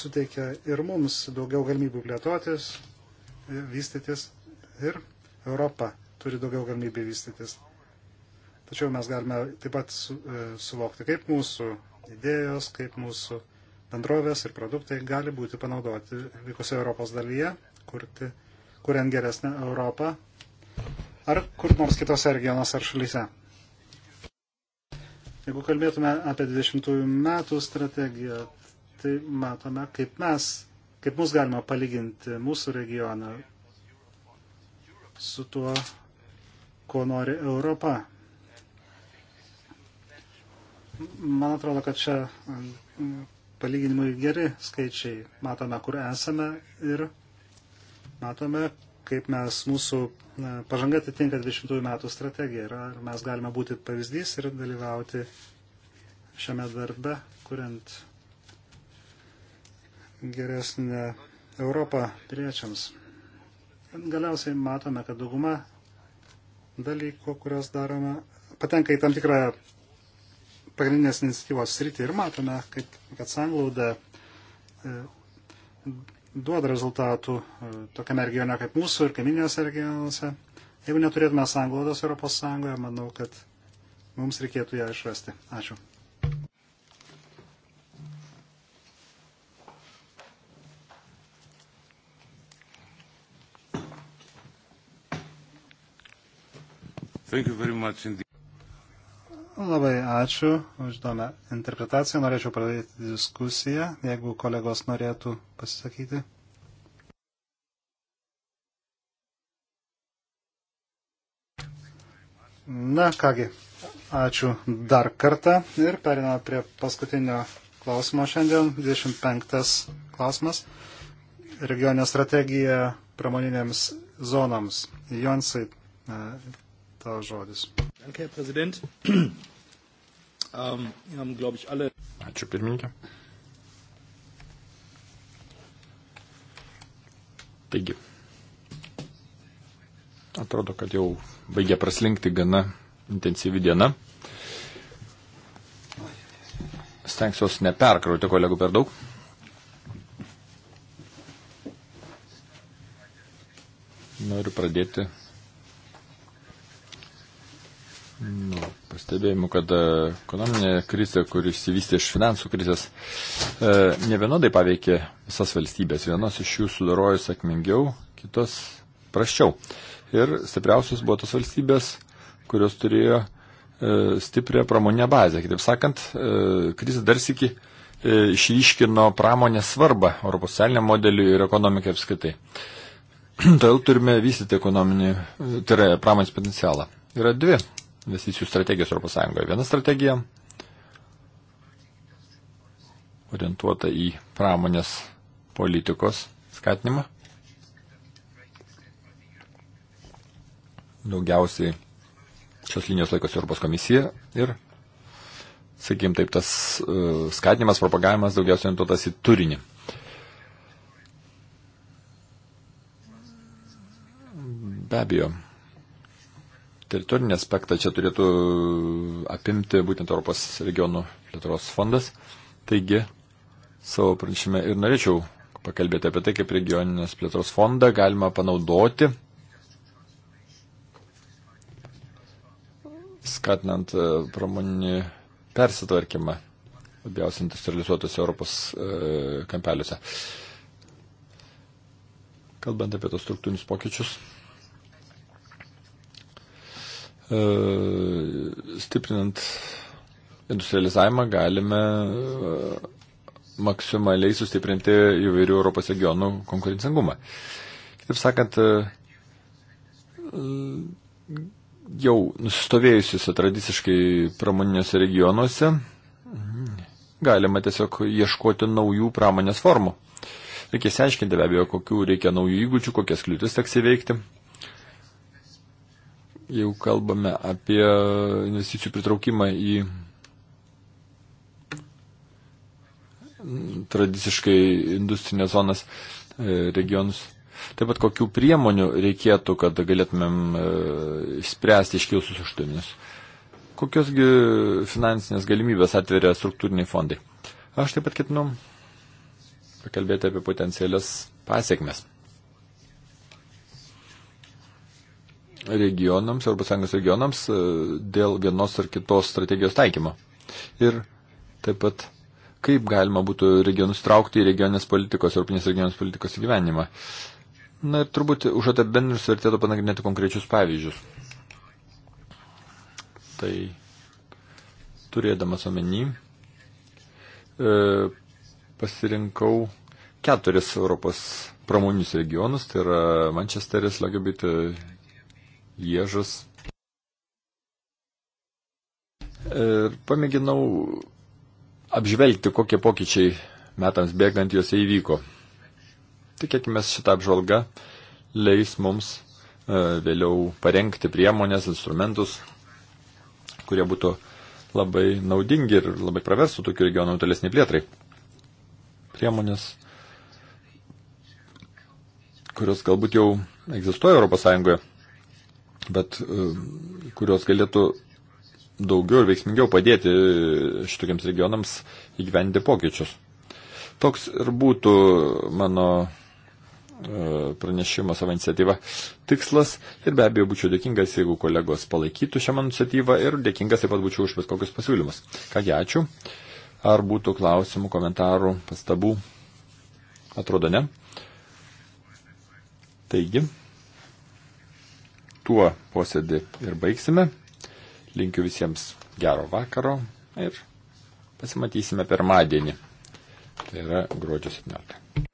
S2: suteikia ir mums daugiau galimybių plėtotis, vystytis ir Europa turi daugiau galimybių vystytis. Tačiau mes galime taip pat su, e, suvokti, kaip mūsų idėjos, kaip mūsų bendrovės ir produktai gali būti panaudoti likusioje Europos dalyje, kurti, kuriant geresnę Europą, ar kur nors kitose regionuose ar šalyse. Jeigu kalbėtume apie 20 metų strategiją, tai matome, kaip mes, kaip mus galima palyginti mūsų regioną su tuo, ko nori Europa. Man atrodo, kad čia palyginimui geri skaičiai. Matome, kur esame ir matome, kaip mes mūsų pažanga atitinka 20 metų strategiją ir ar mes galime būti pavyzdys ir dalyvauti šiame darbe, kuriant geresnę Europą piliečiams. Galiausiai matome, kad dauguma dalykų, kurios darome, patenka į tam tikrą pagrindinės iniciatyvos sritį ir matome, kad, kad sanglauda e, duoda rezultatų e, tokiame regione kaip mūsų ir kaiminėse regionuose. Jeigu neturėtume sanglaudos Europos Sąjungoje, manau, kad mums reikėtų ją išrasti. Ačiū. Thank you very much indeed. Labai ačiū už įdomią interpretaciją. Norėčiau pradėti diskusiją, jeigu kolegos norėtų pasisakyti. Na kągi, ačiū dar kartą ir periname prie paskutinio klausimo šiandien. 25 klausimas. Regioninė strategija pramoninėms zonams. Jonsai, e, tavo žodis. Danke, Herr Präsident. ähm, wir haben, glaube ich, alle. Ačiū
S3: pirmininkė. Taigi, atrodo, kad jau baigė praslinkti gana intensyvi diena. Stengsiuos neperkrauti kolegų per daug. Noriu pradėti pastebėjimų, kad e, ekonominė krizė, kuris įsivystė iš finansų krizės, e, ne vienodai paveikė visas valstybės. Vienos iš jų sudarojo sėkmingiau, kitos praščiau. Ir stipriausios buvo tos valstybės, kurios turėjo e, stiprią pramonę bazę. Kitaip sakant, krizė dar sėki išryškino pramonės svarbą Europos socialiniam modeliui ir ekonomikai apskaitai. Todėl turime vystyti ekonominį, tai yra pramonės potencialą. Yra dvi investicijų strategijos Europos Sąjungoje. Viena strategija orientuota į pramonės politikos skatinimą. Daugiausiai šios linijos laikosi Europos komisija ir, sakykim, taip tas uh, skatinimas, propagavimas daugiausiai orientuotas į turinį. Be abejo, teritorinį aspektą čia turėtų apimti būtent Europos regionų plėtros fondas. Taigi, savo pranešime ir norėčiau pakalbėti apie tai, kaip regioninės plėtros fondą galima panaudoti, skatinant e, pramoninį persitvarkymą labiausiai industrializuotose Europos e, kampeliuose. Kalbant apie tos struktūrinius pokyčius, E, stiprinant industrializavimą galime e, maksimaliai sustiprinti įvairių Europos regionų konkurencingumą. Kitaip sakant, e, jau nusistovėjusiuose tradiciškai pramoniniuose regionuose galima tiesiog ieškoti naujų pramonės formų. Reikia įsiaiškinti be abejo, kokių reikia naujų įgūdžių, kokias kliūtis teks įveikti. Jau kalbame apie investicijų pritraukimą į tradiciškai industrinės zonas e, regionus. Taip pat kokių priemonių reikėtų, kad galėtumėm e, išspręsti iškilusius uždavinius. Kokiosgi finansinės galimybės atveria struktūriniai fondai. Aš taip pat ketinu pakalbėti apie potencialias pasiekmes. regionams, ES regionams e, dėl vienos ar kitos strategijos taikymo. Ir taip pat kaip galima būtų regionus traukti į regionės politikos, Europinės regionės politikos įgyvenimą. Na ir turbūt už apibendrinus vertėtų panagrinėti konkrečius pavyzdžius. Tai turėdamas omeny, e, pasirinkau keturis Europos pramoninius regionus, tai yra Mančesteris, Lagabit, ježus. Ir e, pamėginau apžvelgti, kokie pokyčiai metams bėgant juose įvyko. Tikėkime, šitą apžvalgą leis mums e, vėliau parengti priemonės, instrumentus, kurie būtų labai naudingi ir labai praversų tokių regionų tolesnį plėtrai. Priemonės, kurios galbūt jau egzistuoja ES, bet e, kurios galėtų daugiau ir veiksmingiau padėti šitokiams regionams įgyventi pokyčius. Toks ir būtų mano e, pranešimo savo iniciatyva tikslas ir be abejo būčiau dėkingas, jeigu kolegos palaikytų šią mano iniciatyvą ir dėkingas taip pat būčiau už bet kokius pasiūlymus. Kągi ačiū. Ar būtų klausimų, komentarų, pastabų? Atrodo ne. Taigi tuo posėdį ir baigsime. Linkiu visiems gero vakaro ir pasimatysime pirmadienį. Tai yra gruodžio 17.